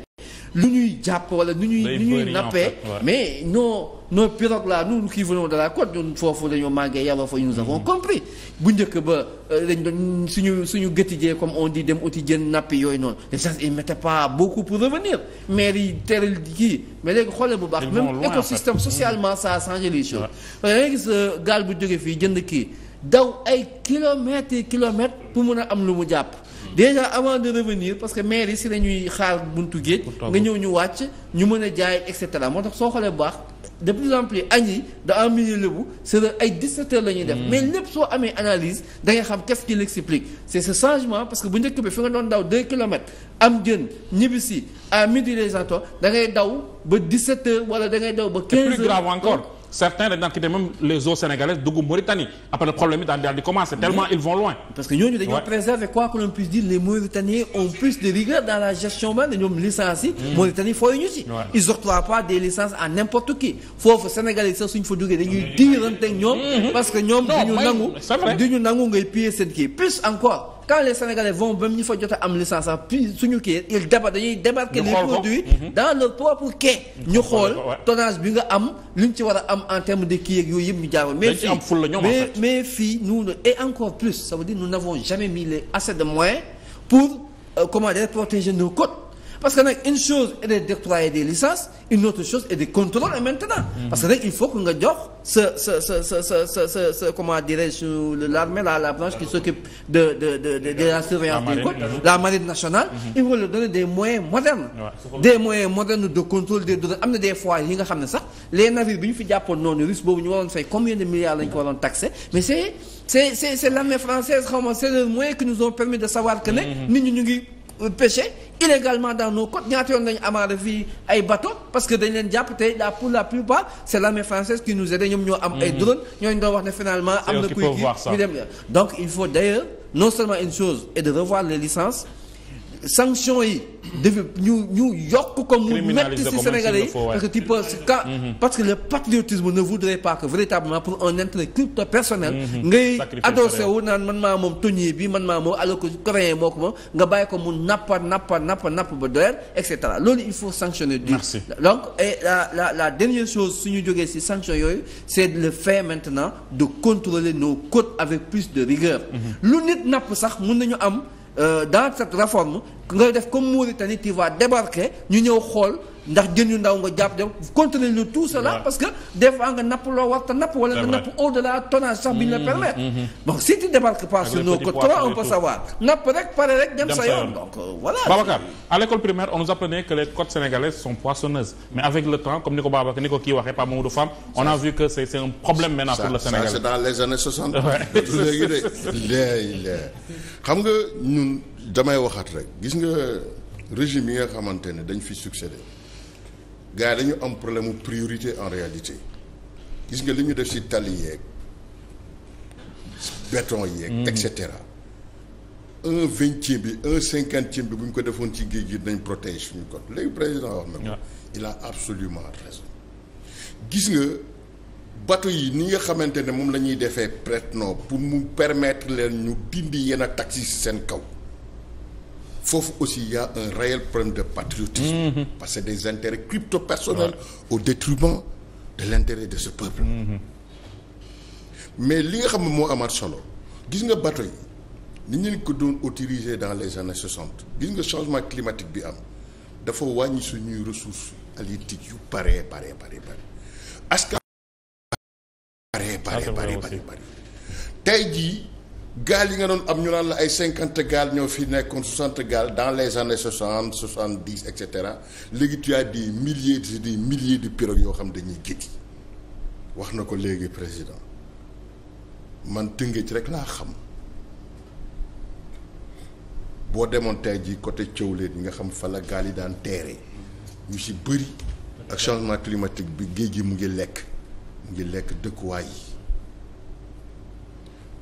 lu ñuy jàpp wala lu ñuy lu ñuy nappee mais non nos pirogues là nous qui venons de la côte ñun foofu dañoo màggee yaroo fa nous avons mm-hmm. compris bu njëkk ba euh, dañ doon suñu suñu gëtijee comme on di dem uti jën nappi yooyu noonu les gens ils mettaient pas beaucoup pour revenir maire yi teral kii mais léegi xoolee bu baax même écosystème socialement ça a changé les choses gis euh, gaal bu jógee fii jënd kii daw ay kilomètres yi kilomètres pour mun a am lu mu jàpp déjà avant de revenir parce que maire yi si la ñuy xaar buntu géej nga ñëw ñu wàcc ñu mën a jaay et cetera moo tax soo xoolee bu baax de plus en plus añ yi da en milieu lébu c'est ay 17 heures la hmm. mais lépp soo amee analyse da ngay xam qu'est-ce qui l'explique c'est ce changement parce que bu njëkk bi fi nga doon daw 2 kilomètres am jën ñibbisi à midi les da ngay daw ba 17 heures wala da ngay daw ba 15 heures plus grave certains dañ daan quitter même les eaux sénégalaises dugg Mauritanie après le problème yi daan daal commencer tellement ils vont loin. parce que ñooñu dañoo préserver quoi que l'on puisse dire les Mauritaniens ont plus de rigueur dans la gestion ba ne ñoom licence yi. Mm. Mauritanie fooy ñu ci. ils octroient pas des licences à n'importe qui foofu Sénégalais sax suñ fa duggee dañuy diirante ak ñoom. Mm-hmm. parce que ñoom du ñu nangu. du ñu nangu ngay piller seen kii quand les Sénégalais vont ba ñu fa jot a am licence sax puis suñu kii il débat dañuy débarquer les produits mhm. dans leur propre quai ñu xool tonnage bi nga am lu ñu ci war a am en terme de kii yeeg yooyu yëpp ñu jaaroon mais fii mais mais fii nous et encore plus ça veut dire nous n'avons jamais mis les assez de moyens pour euh, comment dire protéger nos côtes parce que nag une chose est de déployer des licences une autre chose est de contrôler maintenant. Mm-hmm. parce que nag il faut que nga jox comment dirais-je l'armée la la branche qui s'occupe de de de de de la surveillance des côtes la marine nationale. Mm-hmm. il faut leur donner des moyens modernes. de contrôle des données am na des fois yi nga xam ne sax les navires bi ñu fi jàppoon noonu risque boobu ñu waroon fay combien de milliards lañ ko de savoir que ne mm-hmm. nit ñi Euh, pêché illégalement dans nos côtes ñaata yoon nañu amaale fii ay bateau parce que dañ leen jàpp tey daa pour la plupart c'est l'armée française qui nous aide ñoom ñoo am ay mhm. drone ñooñu doon wax ne finalement am na kuy kii ñu dem donc il faut d'ailleurs non seulement une chose est de revoir les licences sanction yi defi ñu ñu yokk ko mu metti ci Sénégalais yi mm-hmm. parce que le patriotisme ne voudrait pas que véritablement pour un intérêt crypto personnel mm-hmm. ngay adossé naan man maa moom bi man maa moom alors que coréen ko moom nga bàyyi ko mu nappa nappa nappa napp ba doyal et loolu il faut sanctionner du donc la la la dernière chose suñu jógee ci sanction yooyu c'est le fait maintenant de contrôler nos côtes avec plus de rigueur mm-hmm. lu nit napp sax mën nañu Euh, dans cette réforme ngay def comme Mauritanie tu vas débarquer ñu ñëw xool ndax jën yu ndaw nga jàpp dem contrôler le tout cela parce que des nga napp loo war te napp wala nga napp au delà tonnage sax bi ñu la mmh, permettre mmh, mmh. donc si tu débarques pas sur nos côtes on napp rek pare rek dem sa yoon donc euh, voilà Babacar à l'école primaire on nous apprenait que les côtes sénégalaises sont poissonneuses mais avec le temps comme ni ko Babacar ni ko kii waxee Pape Mamadou Fam on a vu que c'est un problème maintenant pour le Sénégal ça gis nga régime yi nga xamante ne dañ fi succédé gars yi dañu am problème mu priorité en réalité gis nga li ñu def si tali yeeg béton yeeg. Mm. et cetera un vingtième bi un cinquantième bi bu ko defoon ci géej gi dañ protège suñu côté léegi président wax na ko. il a absolument raison. gis nga bateau yi ni nga xamante ne moom la ñuy defee prête-nom pour mu permettre leen ñu dindi yenn taxes seen kaw. foofu aussi il y a un réel problème de patriotisme mm-hmm. parce que des intérêts crypto-personnels ouais. au détriment de l'intérêt de ce peuple mm mais li nga xam ne moo amat solo gis nga bato yi ni ñu ko doon utiliser dans les années soixante gis nga changement climatique bi am dafa wàññi suñuy ressources halieutiques yu bare bare bare bare askan bare jii gaal yi nga doon am ñu naan la ay cinquante gaal ñoo fi nekkoon soixante gaal dans les années soixante soixante dix et cetera léegi tu as des milliers di milliers de pirogues yoo xam dañuy géej wax na ko léegi président man Tëngéej rek laa xam boo demoon tey ji côté Thiawlène yi nga xam fa la gaal yi daan téere ñu ci bëri ak changement climatique bi géej gi mu ngi lekk mu ngi lekk dëkkuwaay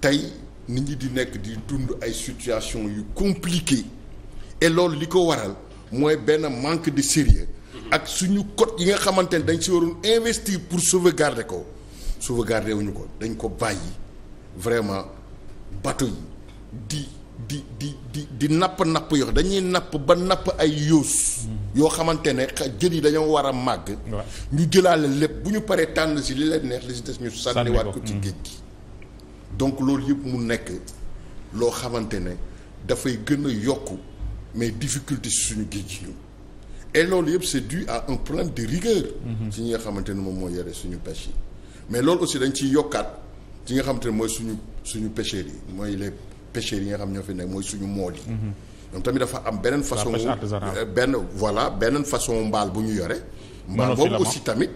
yi nit ñi di nekk di dund ay situation yu compliqué et loolu li ko waral mooy benn manque de sérieux ak suñu code yi nga xamante ne dañ si waroon investir pour sauvegarder ko sauvegarder wuñu ko dañ ko bàyyi vraiment bateau yi di di di di di napp napp yoo dañuy napp ba napp ay yóos yoo xamante ne jën yi dañoo war a màgg ñu jëlaale lépp bu ñu paree tànn si li leen neex li si des ñu sànniwaat ko ci mm. géej gi donc loolu yëpp mu nekk loo xamante ne dafay gën a yokk mais difficulté si suñu géej gi et loolu yëpp c'est dû à un problème de rigueur mm-hmm. ci ñi nga xamante ne moom moo yore suñu pêche yi mais loolu aussi dañ ciy yokkaat ci nga xamante ne mooy suñu suñu pêcheurs yi mooy les pêcheurs yi nga xam ñoo fi nekk mooy suñu mool yi ñoom mm-hmm. tamit dafa am beneen façon euh, benn voilà beneen façon mbaal bu ñu yore mbaal boobu aussi tamit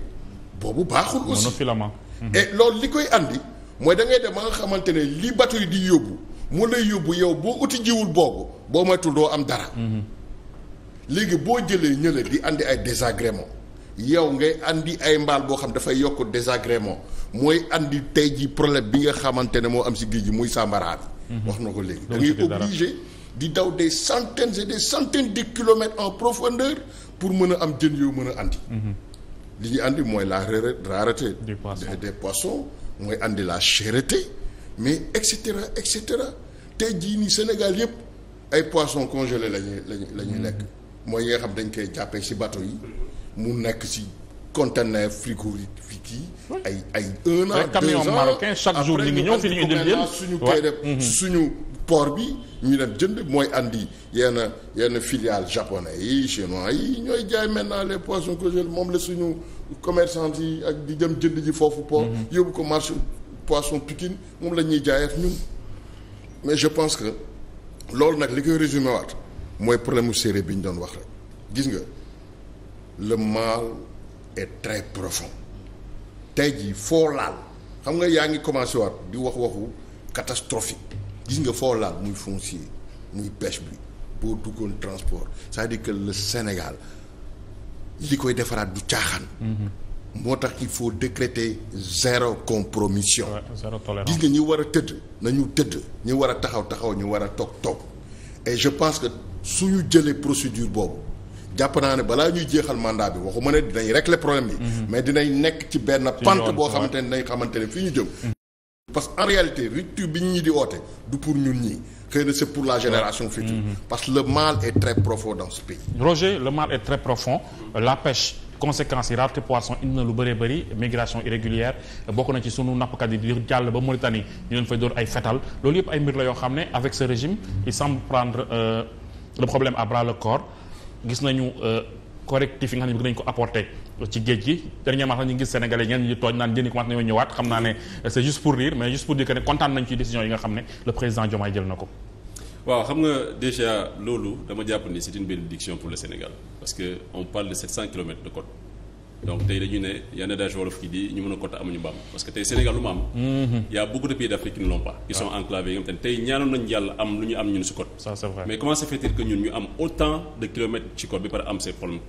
boobu baaxul aussi monofilament mm-hmm. et loolu li koy andi mooy da ngay dem ba nga xamante ne li batu yi di yóbbu mu lay yóbbu yow boo uti jiwul boobu boo moytul doo am dara. Mhm. léegi boo jëlee ñële di indi ay désagrément yow ngay andi ay mbaal boo xam dafay yokk désagrément mooy indi tey ji problème bi nga xamante ne moo am si géej gi muy sàmbaraa bi mhm. wax na ko léegi da ngay obligé di daw des centaines et des centaines de kilomètres en profondeur pour mën a am jën yow mën a andi mhm. li ñu indi mooy la rareté des poissons mooy andi la cherté mais et cetera et cetera tey jii nii Sénégal yëpp ay poissons congelés lañuy lañuy la ñuy mm-hmm. lekk mooy yi xam dañ koy jàppee si bateau yi mu nekk ci conteneur frigorifique yi ay ay un an camion marocain chaque jour ñu ngi ñëw fi ñu indil leen suñu koy def mm-hmm. suñu port bi ñu dem jënd mooy indi yenn yenn filiale japonais yi chinois yi ñooy jaay maintenant les poissons congelés moom la suñu commerçant yi ak di dem jënd ji foofu port mhm. yóbbu ko marché poisson Pikine moom la ñuy jaayee ñun mais je pense que loolu nag li koy résumé waat mooy problème mu séeréer bi ñu doon wax rek gis nga le mal est très profond tey ji foo laal xam nga yaa ngi commencé waat di wax waxu catastrophique gis nga foo laal muy foncier muy pêche bi boo duggoon transport c'est-à-dire que Sénégal li koy defaraat du caaxaan. moo tax il faut décréter zéro compromission. zéro tolérance gis nga ñi war a tëdd nañu tëdd ñi war a taxaw taxaw ñu war a toog toog et je pense que suñu jëlee procédure boobu jàpp naa ne balaa ñuy jeexal mandat bi waxuma ne dinañ régler problème bi. Mhm. mais dinañ nekk ci benn pente boo xamante ne dinañ xamante ne fi ñu jëm. Mhm. parce que en réalité rupture bi ñu di oote du pour ñun ñii. xëy pour la génération future mhm. parce que le mal est très profond dans ce pays Roger le mal est très profond la pêche conséquences yi rareté poisson indi na lu bëree bëri migration irrégulière bokk na ci sunu nappkat yi di jàll ba Mauritanie ñu leen fay door ay fetal loolu yëpp ay mbir la yoo xam ne avec ce régime il semble prendre euh, le problème à bras le corps gis nañu euh, correctif yi nga xam ne bëgg nañu ko apporter ci géej gi dernièrement sax ñu ngi gis sénégalais ñenn ñu tooñ naan jëni commencé nañoo ñëwaat xam naa ne euh, c'est juste pour rire mais juste pour dire que ne kontaan nañ ci décision yi nga xam ne le président Diomaye jël na ko waaw xam nga déjà loolu dama jàpp ni c'est une bénédiction pour le Sénégal parce que on parle de 700 kilomètres de côte donc tey dañu ne yenn adage wolof ki di ñu mën a côté amuñu mbaam parce que tey Sénégal lu ma am. Mhm. y' a beaucoup de pays d' Afrique qui ne l'ont pas. qui sont enclavés yi nga xam te tey ñaanoon nañu yàlla am lu ñu am ñun si côte. ça mais comment se fait que ñun ñu am autant de kilomètres ci côte bi par am ces problèmes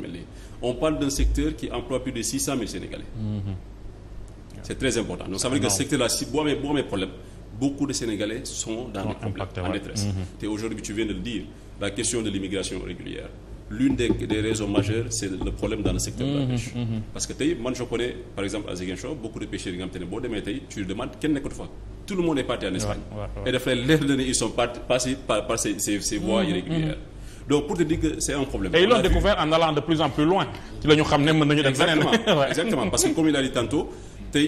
mel nii on parle d'un secteur qui emploie plus de 600 000 Sénégalais. Mhm. c' très important donc veut dire que secteur là boo amee problème beaucoup de Sénégalais l'une des, des raisons c'est le problème dans le secteur de la mmh, pêche mmh, mmh. parce que tey man je connais par exemple à Ziguinchor beaucoup de pêcheurs yi nga boo demee tey tu demandes kenn nekkatu fa tout le monde est parti en Espagne et daf leen leer ne ils sont passés par ces voies irrégulières donc pour te dire que c'est un problème. et découvert en allant de plus en plus loin. ci la ñu xam exactement parce que comme il a dit tantôt. te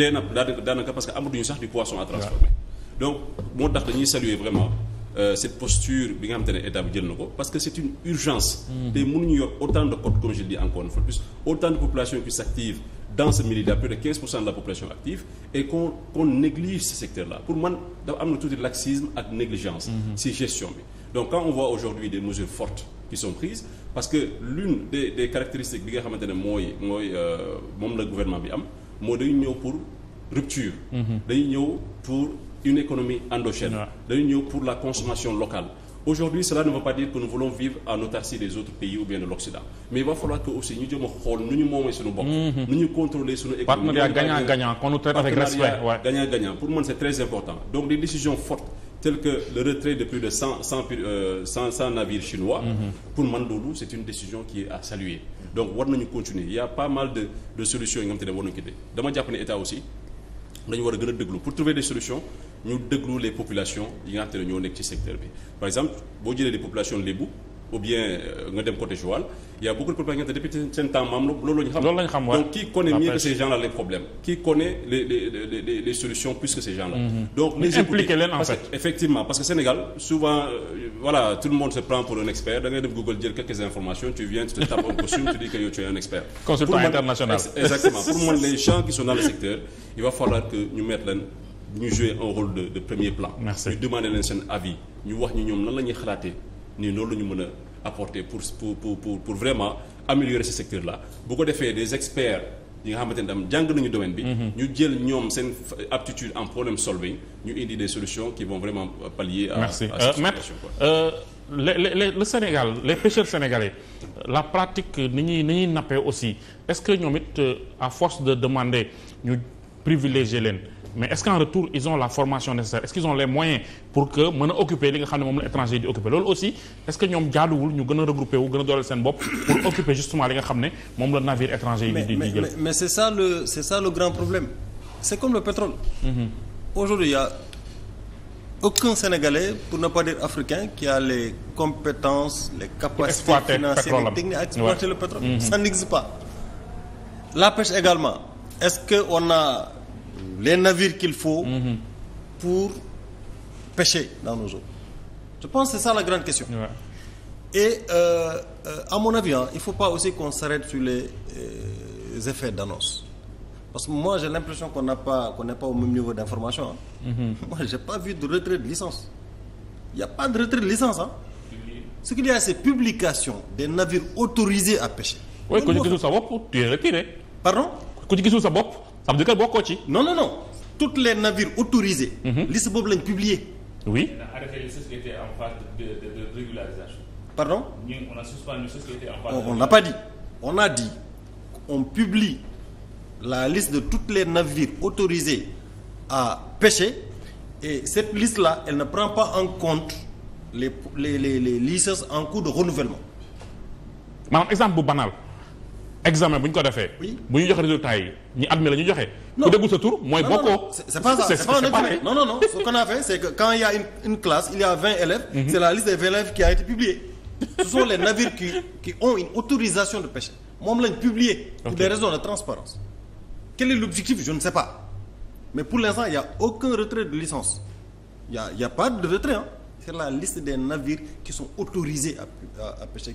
dee na daanaka parce que amatuñu sax du poisson à transformer donc moo tax dañuy saluer vraiment euh, cette posture bi nga xam te ne état bi jël na ko parce que c'est une urgence mm-hmm. te mënuñu yor autant de codes comme je le dis encore une fois plus autant de population qui s'active dans ce milieu de de la population active et qu'on néglige ce secteur là pour man dafa am na tuuti laxisme ak négligence si mm-hmm. gestion bi donc quand on voit aujourd'hui des mesures fortes qui sont que l'une des des bi nga xamante ne mooy mooy euh, moom la gouvernement bi am moo dañu ñëw pour rupture mhm. dañu ñëw pour une économie endogène dañu ñëw pour la consommation locale aujourd'hui cela ne veut pas dire que nous vivre en autarcie des autres pays ou bien de mais il va falloir que aussi ñu jëm a xool nu ñu moomee suñu bopp mhm. nu ñu contrôler suñu économie gagnant gagnant pour moi c'est très important donc des décisions fortes tel que le retrait de plus de cent cent euh, cent cent chinois. Mhm. pour man loolu c' est une décision qui a à saluer. donc war nañu continuer il y a pas mal de de solutions nga xam te ne war nañu ko dama jàpp ne état aussi dañu war a gën a déglu pour trouver des solutions ñu déglu les populations yi nga xam te ne ñoo nekk ci secteur bi par exemple boo jëlee les populations lébu. ou bien euh, nga dem côté Joal il y a beaucoup de propriétaires depuis seen temps maam loolu la xam. loolu la xam donc qui connaît mieux que ces gens là les problèmes. qui connaît les les les les solutions plus mm-hmm. donc les impliquer leen en fait effectivement parce que Sénégal souvent euh, voilà tout le monde se prend pour un expert da dem Google jël quelques informations tu viens tu te tapes tu dis que yow tu un expert. consultant international exactement pour de de premier plan. Merci. ñu demander leen seen avis wax ñu ñoom nan la ñuy xalaatee. nii loolu la ñu mën a apporter pour pour pour pour vraiment améliorer ce secteur là bu ko defee des experts yi nga xamante ne tam jàng nañu domaine bi. Mm-hmm. ñu jël ñoom seen aptitude en problème solving ñu indi des solutions qui vont vraiment pallier. à Merci. à cette euh, situation quoi. le euh, le le Sénégal les pêcheurs sénégalais la pratique ni ñuy ni ñuy nappee aussi est-ce que ñoom it euh, à force de demander ñu privilégier leen. mais est-ce qu'en retour ils ont la formation nécessaire est-ce qu'ils ont les moyens pour que mën a occuper li nga xam ne moom la étranger di occuper loolu aussi est-ce que ñoom jaaduwul ñu gën a regrouper wu gën a dooleel seen bopp pour occuper justement li nga xam ne moom la navire étranger yi di di jël mais c'est ça le c'est ça le grand problème c'est comme le pétrole mm-hmm. aujourd'hui y a aucun Sénégalais pour ne pas dire africain qui a les compétences les capacités financières et techniques à exploiter ouais. le pétrole mm la pêche également a les navires qu'il faut mmh. pour pêcher dans nos eaux je pense c'est ça la grande question et euh, euh mon avis hein, il faut pas aussi qu'on s'arrête sur les, euh, les effets d'annonce parce que moi j'ai l'impression qu'on n'est pas au même niveau d'information mhm. j'ai pas vu de retrait de licence il n'y a pas de retrait de licence ce qu'il y a c'est publication des navires autorisés à pêcher oui ku ci gisul sa bopp tu es retiré pardon ku ci gisul sa Abdou Kane bokkoo ci. non non non toutes les navires autorisés. Mhm. liste boobu lañ publier. oui. en phase pardon. on a on n'a pas dit on a dit on publie la liste de toutes les navires autorisés à pêcher et cette liste la elle ne prend pas en compte les les les les licences en cours de renouvellement. maanaam exemple bu banal. examen bu ñu ko defee. bu ñu joxe résultat yi ñu admis la ñu joxe. ku déggul sa tur mooy bokkoo. c'est pas ça c'est pas non non non ce qu'on a fait c'est que quand il y a une classe il y a vingt élèves. Mhm. c'est la liste des vingt élèves qui a été publiée. ce sont les navires qui ont une autorisation de pêcher moom lañ publier pour des raisons de transparence quel est l'objectif je ne sais pas mais pour l'instant il y a aucun retrait de licence il y a il sur la liste des navires qui sont autorisés à, à, qui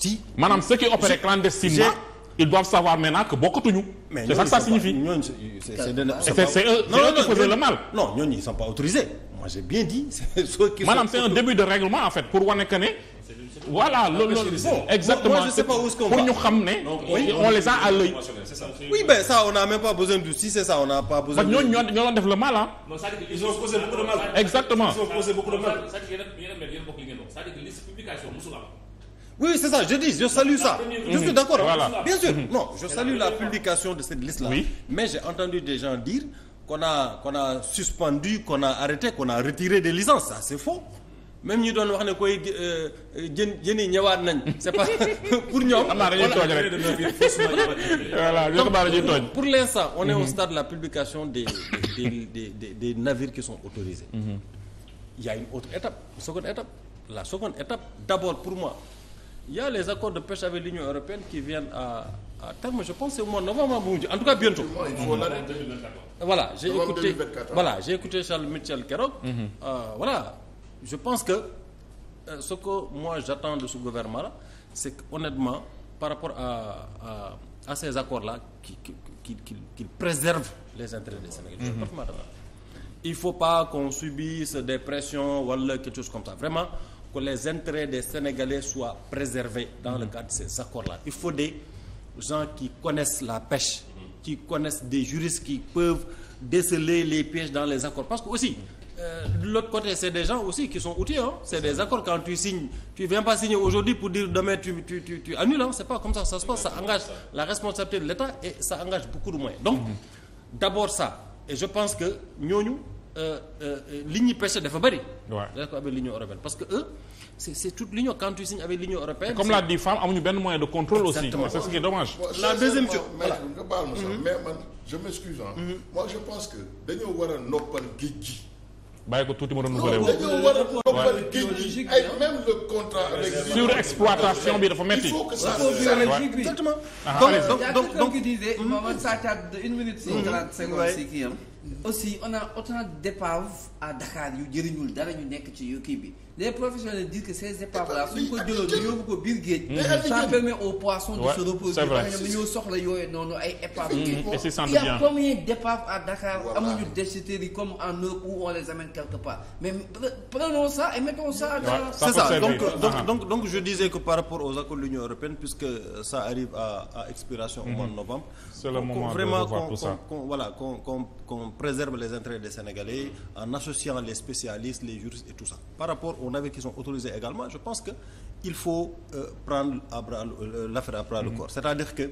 si maanaam ceux qui opèrent clandestinement ils doivent savoir maintenant que bokkatuñu. mais c'est ça que ça signifie ñooñu c'est c'est c'est eux qui causent le mal. non ñooñu ils sont pas autorisés. moi c'est un début de règlement en fait pour wane que ne. voilà ah, loolu loolu exactement moi, moi, je sais pas où pour ñu xam ne. on les a à l'œil. oui mais ça on a même pas besoin du si c'est ça on a pas besoin. ñooñu ñoo ñoo doon def le mal ah. ils ont causé beaucoup de mal. exactement ils ont causé beaucoup de mal. oui c'est ça je dis je salue ça. je suis d'accord voilà bien sûr. Mhm. non je salue la publication de cette liste là. oui mais j'ai entendu des gens dire qu'on a qu'on a suspendu qu'on a arrêté qu'on a retiré des licences ça c'est faux. même ñi doon wax ne koy euh, euh, jën jën yi ñëwaat nañ. c'est pas pour ñoom. xam naa dañuy tooñ pour les l'instant on est au mhm. de la publication des des des des des navires qui sont autorisés. Mhm. il a une autre étape une étape la seconde étape d'abord pour moi il les accords de pêche avec l'Union européenne qui viennent à terme je pense c'est au mois de novembre bu en tout cas bientôt. voilà j'ai écouté Charles Michel Keroog. Mhm. Euh, voilà. je pense que euh, ce que moi j'attends de ce gouvernement-là c'est que honnêtement par rapport à à, à ces accords-là qui qui préserve les intérêts des Sénégalais. Mhm. il faut pas qu'on subisse des pressions wala quelque chose comme vraiment que les intérêts des Sénégalais soient préservés dans le mhm. cadre de ces accords il faut des gens qui connaissent la pêche mhm. qui connaissent des juristes qui peuvent déceler les pièges dans les accords parce que aussi euh, de l'autre côté c'est des gens aussi qui sont outillés c'est des accords quand tu signes tu viens pas signer aujourd'hui pour dire demain tu tu tu tu annules c'est pas comme ça ça la responsabilité de l'État et ça engage beaucoup de moyens donc d'abord ça et je pense que ñooñu li ñuy pêché dafa bari. waaw d'accord avec l'Union européenne parce que c'est toute l'Union quand tu signes avec l'Union européenne. comme l'a dit Fam amuñu benn moyen de contrôle. bàyyi ko tuuti ma renouvelé wu. ay même le contrat exploitation bi dafa métti. il faut que ça exactement. Ah, donc donc donc il disait. Maman hmm? Sacha de une minute. si hmm. trente secondes si kii am. aussi on a autant d'épaves à Dakar yu jëriñul dara ñu nekk ci kii bi. les professionnels disent que ces épaves-là suñ ko jëloon ñu yóbbu poissons de se reposer. ñoo soxla yooyu noonu ay épaves. Mm, et c'est sans doute bien il y a combien d'épaves à Dakar amuñu déchetterie comme en Europe où on les quelque part mais prenons ça et mettons ça. dans c'est ça donc ah, ah. donc donc je disais que par rapport aux accords de l'Union européenne puisque euh, ça arrive à à expiration au mm-hmm. mois de novembre. c'est le moment qu'on préserve les intérêts des Sénégalais en associant les spécialistes aux navires qui sont autorisés également je pense que il faut euh, prendre à bras euh, l'affaire à bras le mm-hmm. corps c'est-à-dire que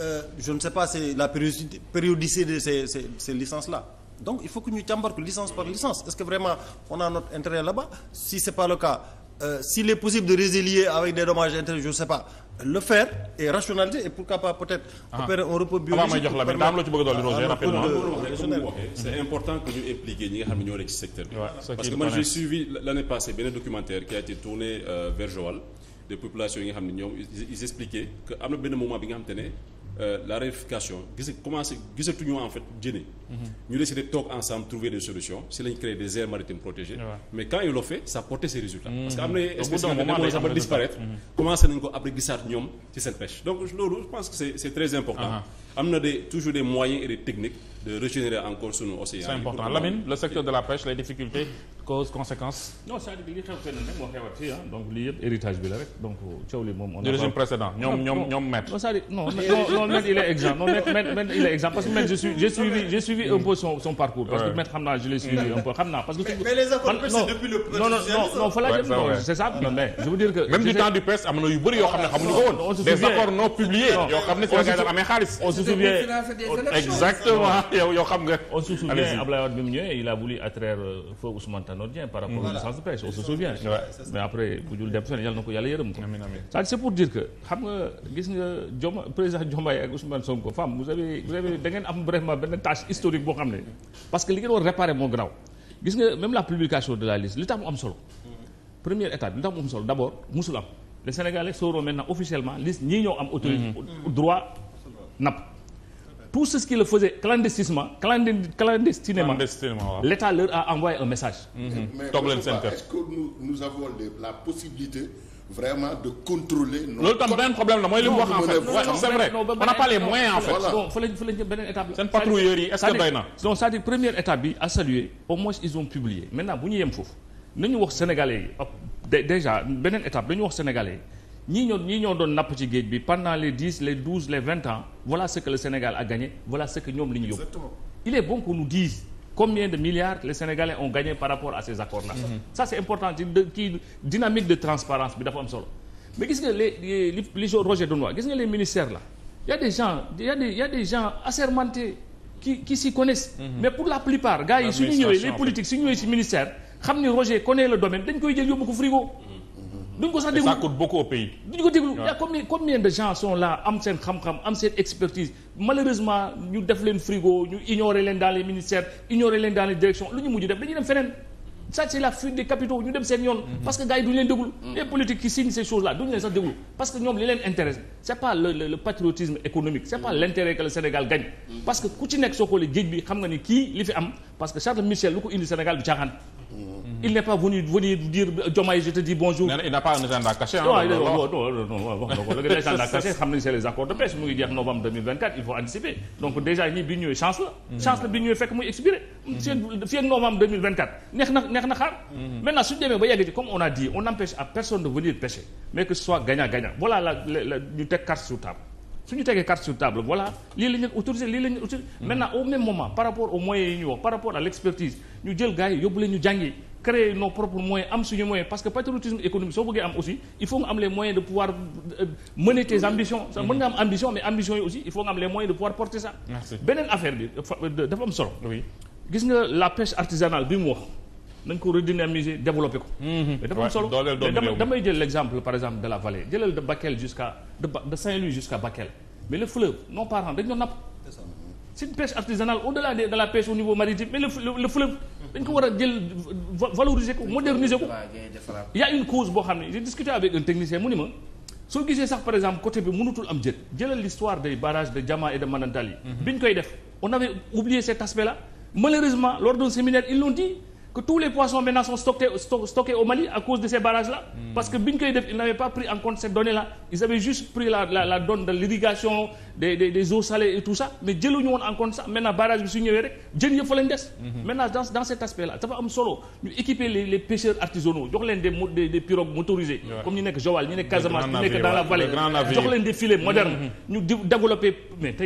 euh, je ne sais pas c'est la périodicité périodicité de ces ces ces licences là donc il faut que ñu càmbar ko licence par licence est-ce que vraiment on a notre intérêt là-bas si c'est pas le cas euh, s'il est possible de résilier avec des dommages et intérêts je ne sais pas le faire et rationaliser et pourquoi pas peut-être. Ah. opérer un repos biologique. jox la mais daam loo ci bëgg a dolli Roger rapidement. c'est mm-hmm. important que ñu impliquer ñi nga xam ne ñoo nekk ci secteur bi. parce que man j'ai suivi l'année passée benn documentaire qui a été tourné euh, vers Joal des yi nga xam ne ñoom ils expliquaient que am na benn moment bi nga xam te ne euh, la réification gis commencé gisatuñu en fait jëne ñu décidé toog ensemble trouver des solutions si lañ créé des aires maritimes protégées. mais quand ils l'ont fait ça a porté résultats. Mm. parce que am ne ba disparaître. Mm. commencé nañ ko après gisaat ñoom ci seen pêche donc loolu je pense que c' est très important. Ah ah. am na toujours des moyens et des techniques de régénérer encore sunu le secteur de la pêche les difficultés causes conséquences. non cest à non non il est exempt non suivi un peu son son parcours. parce que maître xam naa je l'ai suivi un peu xam naa parce que. mais les depuis le non non non fa la que. même ah, se souvient exactement yow yoo a voulu attraire euh, feu Ousmane Tanor Dieng par rapport à licence de presse on se souvient. mais après bu jul dem fenn yàlla na ko yàlla yërëm ko. amiin amiin c'est pour femme vous avez vous avez da ngeen historique boo xam ne parce que li ngeen war réparer moo garaaw gis nga même la publication de la liste li tax mu am solo première étape li tax mu am solo d' musul am les Sénégalais sauront maintenant officiellement liste ñii ñoo am autorité mhm. droit napp tout ce qui le faisait clandestinement clandestinement l' leur a envoyé un message mhm. toog leen est-ce que nous nous avons la possibilité vraiment de contrôler. loolu tam beneen problème la mooy li mu wax en fait c'est vrai on n'a pas les moyens en fait. voilà donc fa la fa la ñu beneen étape la. seen patrouilleurs yi est-ce que doy na. donc c'est-à-dire première étape bi à au moins ils ont publié maintenant bu ñu yem foofu nañu wax sénégalais yi déjà beneen étape dañu wax sénégalais yi ñii ñoo ñii ñoo doon napp ci géej bi pendant les dix les douze les vingt ans voilà ce que le Sénégal a gagné voilà ce que ñoom li ñu yóbbu. il est bon qu'on nous dise. combien de milliards les Sénégalais ont gagné par rapport à ces accords là mm c'est important ci dynamique de transparence bi dafa am solo mais gis nga les li li Roger doon gis nga les ministères là y a des gens y a des y a des gens assermentés qui qui s'y connaissent mm -hmm. mais pour la plupart gars yi su ñu ñëwee les politiques su ñu ñëwee ministère xam ni Roger connaît le domaine dañ koy jël yóbbu ko frigo duñ ko sax déglu ça coûte yaa combien combien de gens sont là am seen xam-xam am seen expertise malheureusement ñu def leen frigo ñu ignorer leen dans les ministères ignorer leen dans les directions lu ñu mujj def dañuy dem feneen. ça c'est la fuite des capitaux ñu dem seen yoon. Mm-hmm. parce que gars yi duñ leen déglu. Mm-hmm. les politiques qui signent ces choses là duñ leen sax déglu parce que ñoom li leen intéresse c'est pas le le patriotisme économique. c'est pas mm-hmm. l'intérêt que kii li fi am parce que Charles Michel lu Mm-hmm. il n'est pas venu venu dire Diomaye je te dis bonjour. il n'a pas un agenda caché. non non non wax na ko léegi les accords de pêche mu ngi jeex novembre il faut anticiper donc déjà ñii bi ñëwee chance la. Mm-hmm. chance la bi ñëwee fekk muy expiré. Mm-hmm. fii ak novembre neex na neex na xaar. maintenant suñu demee ba yegg comme on a dit on n'empêche à personne de venir pêcher mais que soit gagnant gagnant voilà la la ñu teg carte sur table. su ñu tegee carte sur table voilà lii la ñu autorisé lii la ñu autorisé mm-hmm. maintenant au même moment par rapport aux moyens yi ñu wax par rapport à l' ñu jël gars yi yóbbu leen ñu créer nos propres moyens am suñu moyens parce que patriotisme économique soo bëggee am aussi il faut nga am les moyens de pouvoir euh, mener tes mm-hmm. ambitions ça mën nga am ambition mais ambition yi aussi il faut nga am les moyens de pouvoir porter ça beneen affaire bi euh, dafa la pêche artisanale nañ ko redynamiser développer ko. Mm-hmm. mais dafa am solo damay jël l' par exemple de la vallée jëlal de Bakel jusqu'à de de Saint-Louis jusqu'à Bakel mais le fleuve nos parents dañ doon napp. c'est une pêche artisanale au-delà de de la pêche au niveau maritime mais le fleuve. dañ ko war a jël valoriser ko moderniser ko. y une cause boo xam ne j'ai discuté avec un technicien mu ni ma. soo gisee sax par exemple côté bi mënutul am jët jëlal l'histoire des barrages de Diama que tous les poissons maintenant sont stockés au Mali à cause de ces barrages là. Hmm. parce que bi ñu koy def ils n'avaient pas pris en compte cette donnée là ils avaient juste pris la la donne de l'irrigation des eaux salées et tout ça mais jëluñu woon en compte ça maintenant barrage bi su ñëwee rek jën yëpp fa lañ des. Hmm. maintenant dans cet aspect là dafa am solo ñu équiper les les artisanaux jox leen des pirogues motorisées. comme ñu nekk Joal ñu nekk Casamance ñu nekk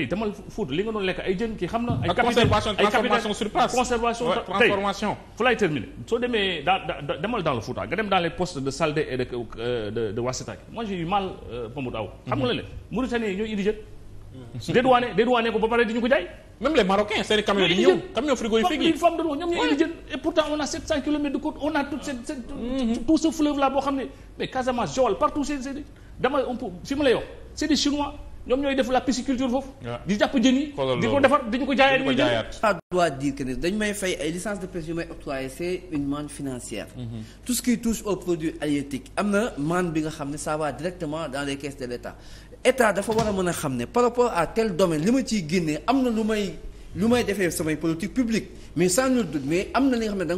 dans terminer soo demee dans demal dans le Fouta ah, nga dem dans les postes de Saldé et de euh, de de Ouassetaki moi j'ai eu euh, Aw. xam nga la mhm. leen Mauritanie yi ñooy indi jën. Mhm. dédouané dédouané ko ba pare di ñu ko jaay. même les Marocains seen i camions dañuy ñëw camions frigorifiques yi. femme de ñoom ñooy et pourtant on a 700 kilomètres de côte on a toute cette cette mhm. tout ce fleuve là boo xam ne mais Casamance Joal partout c'est dama on peut fi mu lay wax c'est ñoom ñooy def la pisciculture foofu. Ah. di jàpp jën yi. di ko defar di ko jaayaat ñuy jël. ça doit dire que dañu may fay ay licence de pêche yu may octroyé c'est une manne financière. Mm-hmm. tout qui touche aux produits halieutiques am na manne bi nga xam ne ça va directement dans les caisses de l'État État dafa war a mën a xam ne par rapport à tel domaine li ma ciy génnee am na lu may lu may defee samay politique publique mais sans nul doute mais am na li nga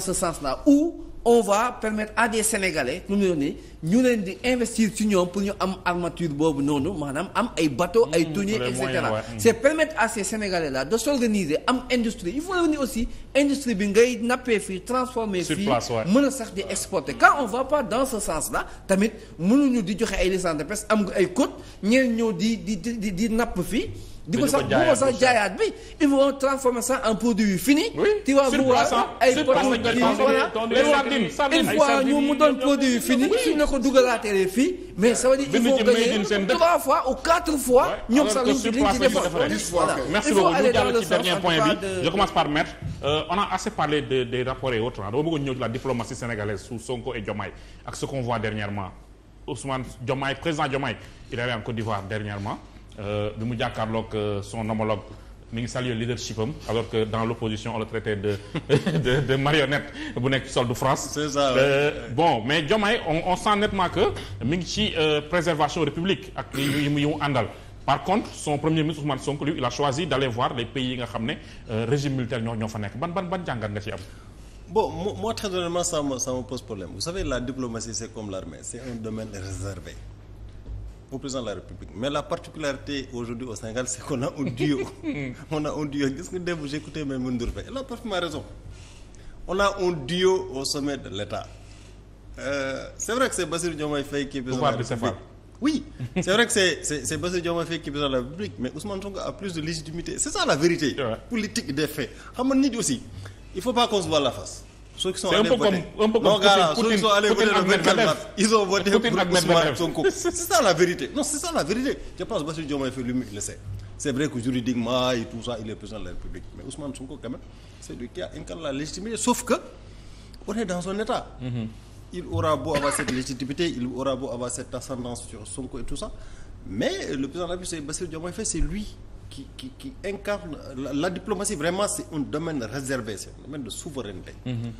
xam ne a on va permettre à des sénégalais nu mu yónnee ñu leen di investir ci ñoom pour ñu am armature boobu noonu maanaam am ay bateaux ay hmm, tonniers et cetera c'est permettre à ces sénégalais là de am industrie il faut revenir aussi industrie bi ngay nappee fii transformer fii mën a sax di exporter quand on va pas dans ce sens là tamit mënuñu di joxe ay licence de pêche am ay côte ñeen ñëw di di di di napp fii di ko sax bu ko sax jaayaat bi ils vont transformer ça en produit fini. oui surplace ay produits une fois ñu mu doon produit la ko dugalaatee fii mais ça veut dire il faut gagner trois fois ou quatre fois. ñoom sax liñ ci liñ ci defoon merci beaucoup point bi je commence par maître euh, on a assez parlé de des rapports et autres dama bëggoon ñëw ci la diplomatie sénégalaise sous Sonko et Diomaye ak dernièrement Ousmane Diomaye président Euh, bi mu jàkkaarloog euh, son homologue mu ngi saluer leadership am alors que dans l'opposition on le traitait de de de marionnette bu nekk sol de France. c'est euh, bon mais Diomaye on on sent nettement que mi ngi ci préservation république ak yu mu àndal. par contre son premier ministre Ousmane Sonko il a choisi d'aller voir les pays yi nga xam ne régime militaire ñoo ñoo fa nekk ban ban ban jàngat nga ci am. bon moi très honnêtement ça me pose problème vous savez la diplomatie c'est comme au président de la République mais la particularité aujourd'hui au Sénégal c'est qu'on a un duo on a un duo gis nga démb j'écoutais Maimouna Ndour Faye elle a parfaitement raison on a un duo au sommet de l'État euh, c'est vrai que c'est Bassirou Diomaye Faye qui est président de la République oui c'est vrai que c'est c'est Bassirou Diomaye Faye qui est président de la République mais Ousmane Sonko a plus de légitimité c'est ça la vérité politique des faits xam nit aussi il faut pas qu'on se la face ceux qui sont allés voter un peu comme non gars Poutine, sont c'est ça la vérité non c'est ça la vérité je pense Bassirou Diomaye Faye lui-même il sait c'est vrai que juridiquement et tout ça il est président de la République mais Ousmane Sonko quand même c'est lui qui a incarné la légitimité sauf que on est dans un état mhm. il aura beau avoir cette légitimité il aura beau avoir cette ascendance sur Sonko et tout ça mais le président de la République c'est Bassirou qui qui qui incarne la, diplomatie vraiment c'est un domaine réservé c'est un domaine de souveraineté. Mhm.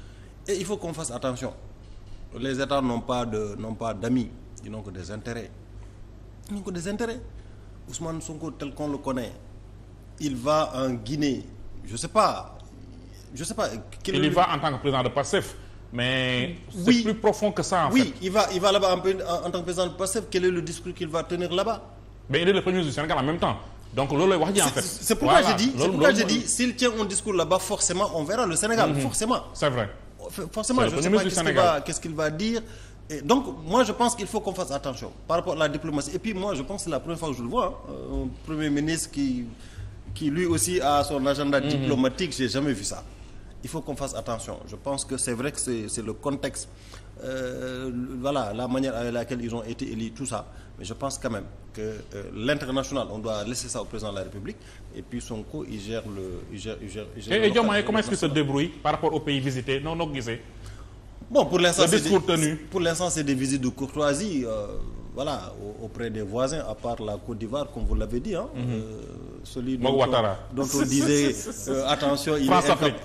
et il faut qu'on fasse attention les États n'ont pas d'amis ils n'ont que des intérêts ils n'ont que des qu'on le connaît il va en Guinée je sais pas il y va en tant que président de PASTEF. mais c'est oui. plus profond que ça en oui, fait. oui il va là-bas en, tant que président de PASTEF quel est le discours qu'il va tenir là-bas. il est le premier du en même donc lool lay wax ji en fait. c'est pourquoi je dis c'est pourquoi je dis s'il tient un discours là-bas forcément on verra le Sénégal. Mhm. forcément c'est vrai. forcément je sais qu'est-ce qu'il va dire. donc je pense qu'il faut qu'on fasse attention par rapport à la diplomatie et puis moi je pense que c'est la première fois euh, ministre qui lui aussi a son agenda mm -hmm. diplomatique j'ai jamais vu ça il faut qu'on fasse attention je pense que c'est vrai que c'est le contexte euh, la manière avec laquelle ils ont été élus tout ça mais je pense quand même que euh, l'international, on doit laisser ça au président de la République. Et puis Sonko, il gère le... Il gère, il gère, il gère et, et Diomaye, comment est-ce qu'il se débrouille par rapport aux pays visités Non, non, Bon, pour l'instant, c'est des, des visites de courtoisie. Euh, voilà auprès des voisins à part la Côte d'Ivoire comme vous l'avez dit hein. Mm -hmm. euh, celui dont on, dont euh, attention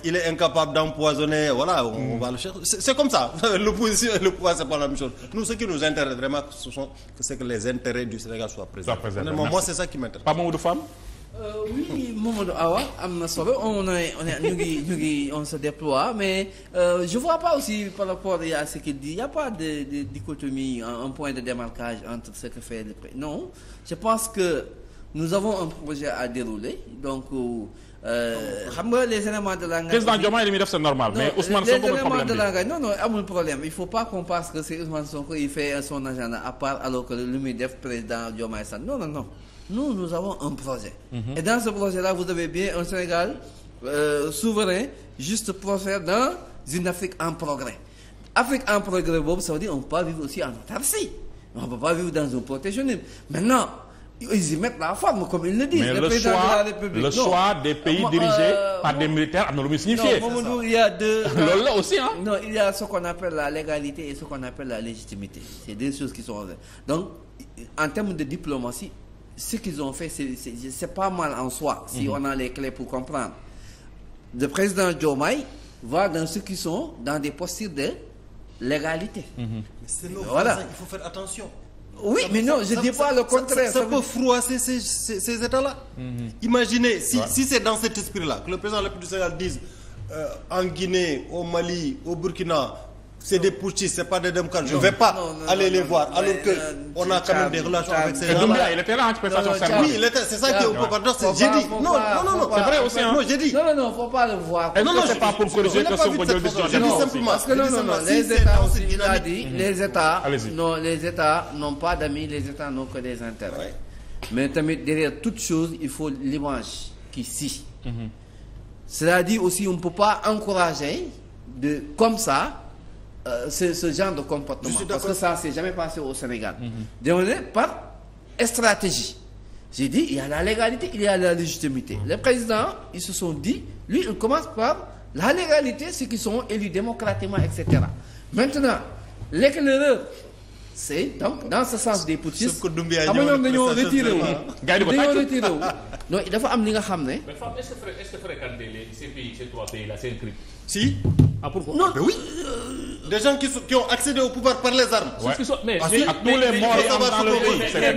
il est, incapable d'empoisonner voilà on, mhm. va le chercher c'est comme ça l'opposition et le pas la même nous ce qui nous intéresse vraiment ce sont que les intérêts du Sénégal soient présents moi c'est ça qui m'intéresse Euh, oui Mamadou Awa am na solo on est on est on se déploie mais euh, je vois pas aussi par rapport à ce qu'il dit il y a pas de, de dichotomie un, un point de démarquage entre ce que fait le président non je pense que nous avons un projet à dérouler donc euh, xam nga les éléments de langage. président Diomaye li muy de langage non non amul problème il faut pas qu'on que c'est Ousmane Sonko il fait son agenda à part alors que lu muy def président Diomaye sax non non. nous nous avons un projet. Mmh. et dans ce projet-là vous avez bien un Sénégal euh, souverain juste prospère dans une Afrique en progrès Afrique en progrès boobu sa veut dire on peut pas vivre aussi en autarcie on peut pas vivre dans un protectionnisme maintenant ils y mettent la forme comme ils le disent. le, président de la République. non. Euh, il y a deux. loolu non il y a ce qu'on appelle la légalité et ce qu'on appelle la légitimité c'est deux choses qui sont donc en de diplomatie ce qu'ils ont fait c'est pas mal en soi si mhm. on a les clés pour comprendre le président Diomaye va dans ceux qui sont dans des postures de légalité mhm. oui mais non je dis pas le contraire ça peut froisser ces ces, ces états-là mhm. imaginez si c'est dans cet esprit-là que le président République du Sénégal euh, en Guinée au Mali au Burkina c'est des putschistes c'est pas des démocrates je vais pas aller non, voir alors euh, a quand des relations avec ces gens là c'est ça qui non non non non c'est pas le voir non non c'est pas pour les états aussi il a les états non pas d'amis les états n'ont que des intérêts mais tamit derrière toute chose il faut l'image qui si mhm. c'est-à-dire aussi on ne peut pas encourager comme ça euh, c'est ce genre de comportement parce que ça s'est jamais passé au Sénégal démené mhm. par stratégie j'ai dit il y a la légalité il y a la légitimité mm -hmm. les présidents ils se sont dit lui il commence par la légalité c'est qu'ils sont élus démocratiquement etc maintenant l'éclaireur c'est donc dans ce sens des putschistes xam nga ñoom dañoo retiré wu dañoo dafa am li nga xam ne Si. Ah pourquoi Non, mais oui. Des gens qui, sont, qui ont accédé au pouvoir par les armes. Ouais. Sont, mais ah, si, à tous les morts dans le pays. Mais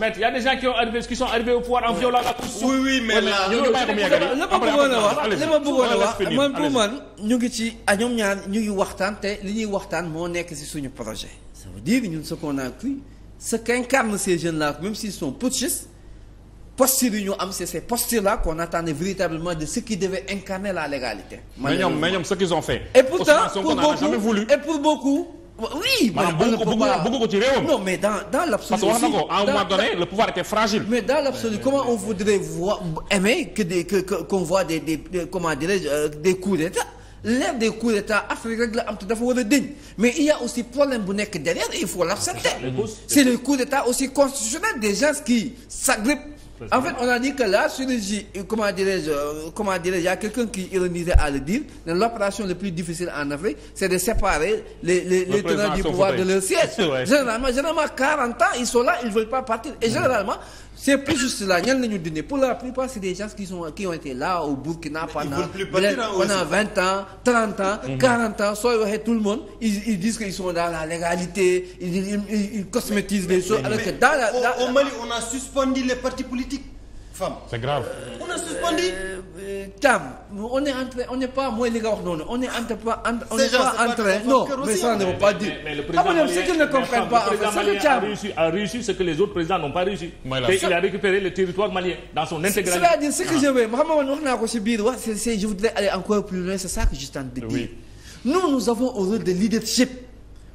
mais il y a des gens qui ont arrivé qui sont arrivés au pouvoir en violant la Constitution. Oui oui mais là ñu ma bëggoon a wax li ma bëggoon a wax man pour man ñu ngi ci a ah, ñoom ñaar ñu ngi waxtaan te li ñuy waxtaan moo nekk ci suñu projet. Ça veut dire ñun ce qu'on a cru ce qu'incarnent ces jeunes là même s'ils sont putschistes posture yi ñu am c'est ces postures là qu'on attendait véritablement de ce qui devait incarner la légalité. mais ñoom mais ñoom ce qu'ils ont fait. pour beaucoup et pour beaucoup. oui mais dans le pouvoir était mais dans l'absolu comment on voudrait voir aimer qu'on voit des des comment euh, des coups d'État l'ère des coups d'État Afrique rek am te dafa war a mais il y a aussi problème bu nekk derrière et il faut l'accepter. c'est en fait on a dit que la chirurgie comment dirais-je euh, comment dirais-je il y a quelqu'un qui ironisait à le dire ne l'opération la plus difficile en Afrique c'est de séparer les les les tenants du pouvoir de leur siège. généralement généralement 40 ans ils sont là ils veulent pas partir et mm. généralement ces processus là ñan la ñu dindi pour la plupart c'est des gens qui sont qui ont été là au Burkina pendant pendant vingt ans trente ans mhm. quarante ans sooy waxee tout le monde ils ils disent que sont dans la légalité ils cosmétisent les choses alors que dans la au les partis politiques femme c'est grave. Euh, on a suspendu. Euh, euh, Tam on est entré on n'est pas mooy li nga wax noonu on est entré pas on n'est pas entré ne veut pas dire. mais ne comprennent pas en fait c'est que les autres présidents n'ont pas réussi. mooy il a récupéré le territoire malien dans son intégralité. c'est-à-dire ce que je veux ma xam nga wax ci biir wax c'est je de dire. nous nous avons un de leadership.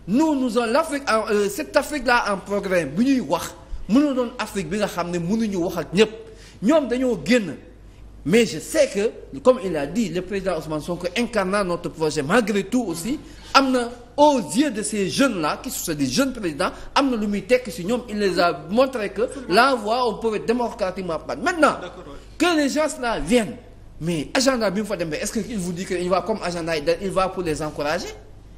nous nous en l'Afrique cette Afrique là en progrès bu ñuy wax mënoo doon Afrique ñoom dañoo génn mais je sais que comme il a dit le président Ousmane Sonko incarnant notre projet malgré tout aussi am na aux yeux de ces jeunes là qui sont des jeunes présidents am na lu muy tekk si ñoom il les a montré que la voie on peut être démocratiquement prendre maintenant que les gens là viennent mais agenda bi mu fa demee est-ce que il vous dit que il va comme agenda il va pour les encourager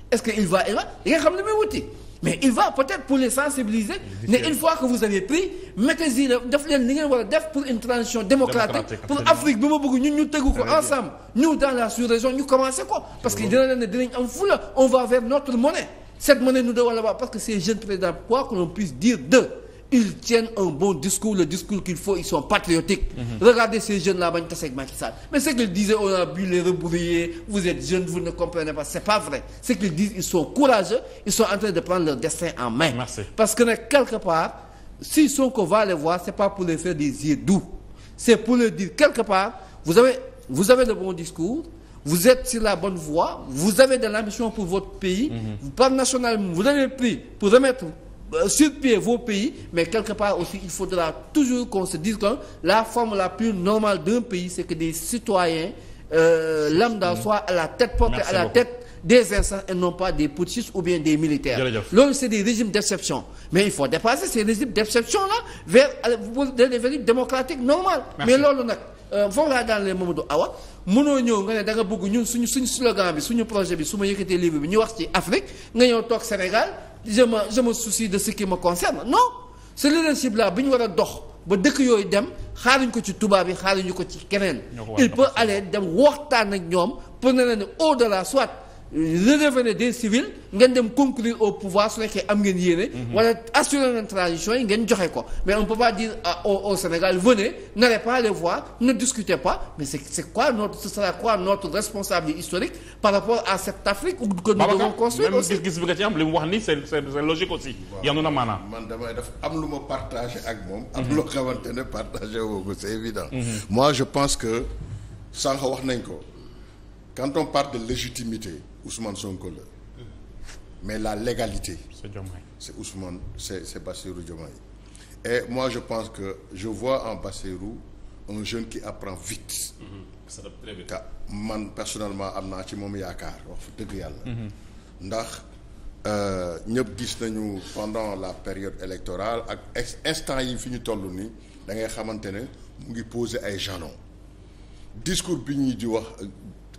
est-ce que va il va li nga xam ne muy wuti mais il va peut-être pour les sensibiliser mais une fois que vous avez pris mettez-y def leen li ngeen war def pour une transition démocratique pour Afrique bi ma bëgg ñun ñu tegu ko ensemble ñu dans la sous-région ñu commencé ko parce que dina leen ne dinañ am on va vers notre monnaie cette monnaie nous devons l'avoir parce que ces jeunes présidents quoi que l'on puisse dire d'eux ils tiennent un bon discours le discours qu'il faut ils sont patriotiques mhm. regardez ces jeunes là bañ tase ak Macky mais ce qu'ils disaient on a bu les rebrouiller vous êtes jeunes vous ne comprenez pas c'est pas vrai ce qu'ils disent ils sont courageux ils sont en train de prendre leur destin en main parce que nag quelque part si Sonko va les voir c'est pas pour les faire des yeux doux c'est pour leur dire quelque part vous la bonne voie vous avez de Euh, sur pied vos pays mais quelque part aussi il faudra toujours qu'on se dise que la forme la plus normale d'un pays c'est que des citoyens euh, lambda mm-hmm. à la tête portée à la tête des instances et non pas des putschistes ou bien des militaires loolu c'est des régimes d'exception mais il faut dépasser ces régimes d'exception là euh, vers des régimes démocratiques normales mais loolu nag euh, foog laa daan leen Mamadou Awa mënoo ñëw nga ne da nga bëgg ñun suñu suñu slogan bi suñu projet bi su ma bi ñu wax ci Afrique nga ñëw toog Sénégal je me je me soucie de ce qui me concerne non ce leadership là bi ñu war a dox ba dëkk yooyu dem xaaruñ ko ci tubaab yi xaaruñu ko ci keneen il peut aller dem waxtaan ak ñoom pour ne leen de la soit redevenez des civils ngeen dem conclure au pouvoir su nekkee am ngeen yéene. Mhm. wala assurer ngeen transition yi ngeen joxe ko mais on peut pas dire au au Sénégal venez n'allez pas les voir ne discutez pas mais c'est quoi notre ce historique par rapport à cette Afrique ou que nous devons construire aussi gis-gis bi nga ci am li mu wax nii c'est c'est logique aussi. yanu na maanaam. man damay def am lu ma partagé ak moom. Mhm. am loo xamante ne partagé c'est évident. Mhm. moi je pense que sànq wax nañ ko quand on parle de légitimité. Ousmane Sonko la mais la légalité c'est Ousmane c'est c'est Bassirou Diomaye et moi je pense que je vois en Bassirou un jeune qui apprend vite mm-hmm. te man personnellement am naa ci moom yaakaar wax fa dëgg yàlla mm-hmm. ndax euh, ñëpp gis nañu pendant la période électorale ak instant yi fi ñu toll ni da ngay xamante ne mu ngi poser ay jalons discours bi ñuy di wax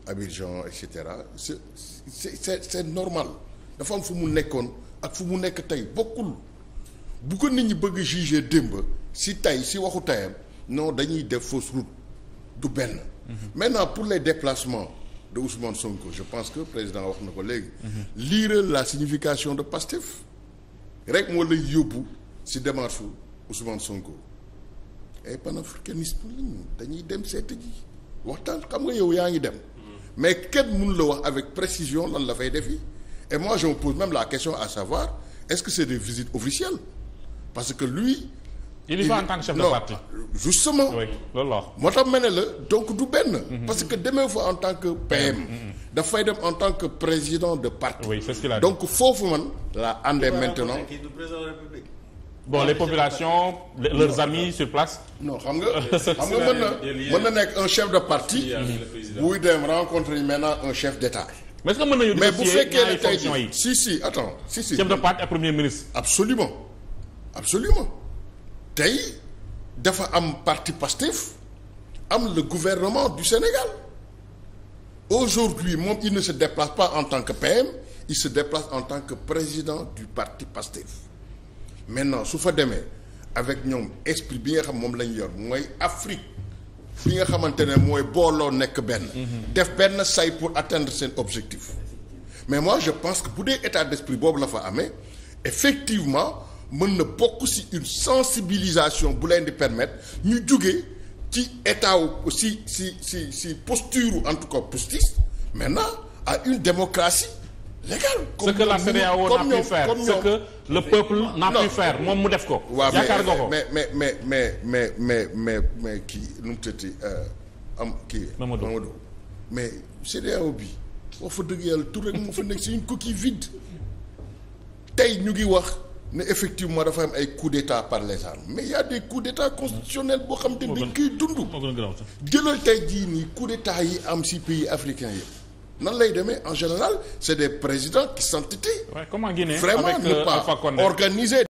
Abidjan et cetera c'est c'est c'est normal dafa am fu mu nekkoon ak fu mu nekk tey bokkul bu ko nit ñi bëgg a juger démb si tey si waxu tayam non dañuy def fausse route du benn. Mhm. maintenant pour les déplacements de Ousmane Sonko je pense que président wax na ko léegi. Mhm. lire la signification de Pastef rek moo lay yóbbu si démarche Ousmane Sonko ay eh, panafricanisme lañu dañuy dem seet ji waxtaan xam nga yow yaa ngi dem. mais kenn mënu la wax avec précision lan la fay defi et moi je me pose même la question à savoir est-ce que c'est des visites officielles parce que lui. il en tant que chef de parti. justement moo tax ma ne la donc du benn. Mhm. parce que demee fa en tant que PM. Mhm. dafay dem en tant que président de parti. oui donc foofu man. la àndee maintenant bon les populations leurs amis sur place. non xam nga xam nga mën na mën na nekk un chef de parti. buy dem rencontre yi maintenant un chef d'État. mais est-ce que mën nañu mais bu fekkee ne tey si si attends si si. chef de parti ak premier ministre. absolument absolument tey dafa am parti Pastef am le gouvernement du Sénégal aujourd'hui moom il ne se déplace pas en tant que PM il se déplace en tant que président du parti Pastef. maintenant su fa demee avec ñoom esprit bi nga xam moom lañ yor mooy Afrique bi nga xamante ne mooy booloo nekk benn. def benn say pour atteindre seen objectif. mais moi je pense que bu dee état d'esprit boobu la fa amee effectivement mën na bokk si une sensibilisation bu leen di permettre ñu jóge ci état si si si si ci posture en tout cas postiste maintenant à une démocratie. légal ce que la CEDEAO n'a pu faire ce que le peuple n'a pu faire moom mu def ko. yaakaar nga ko mais mais mais mais mais mais mais mais kii nu mu tëddee euh, am kii. Mamadou Mamadou mais CEDEAO bi wax fa dëgg yàlla tur rek moo fa nekk c'est une coquille vide tey ñu ngi wax ne effectivement dafa am ay coup d'état par les armes mais il y a des coups d'état constitutionnels boo xam te dañ koy dund. jëlal tey jii nii coup d'état yi am ci pays africain yëpp. nan lay demee en général c'est des présidents qui s'entêtent. vraiment avec, ne euh, pas organiser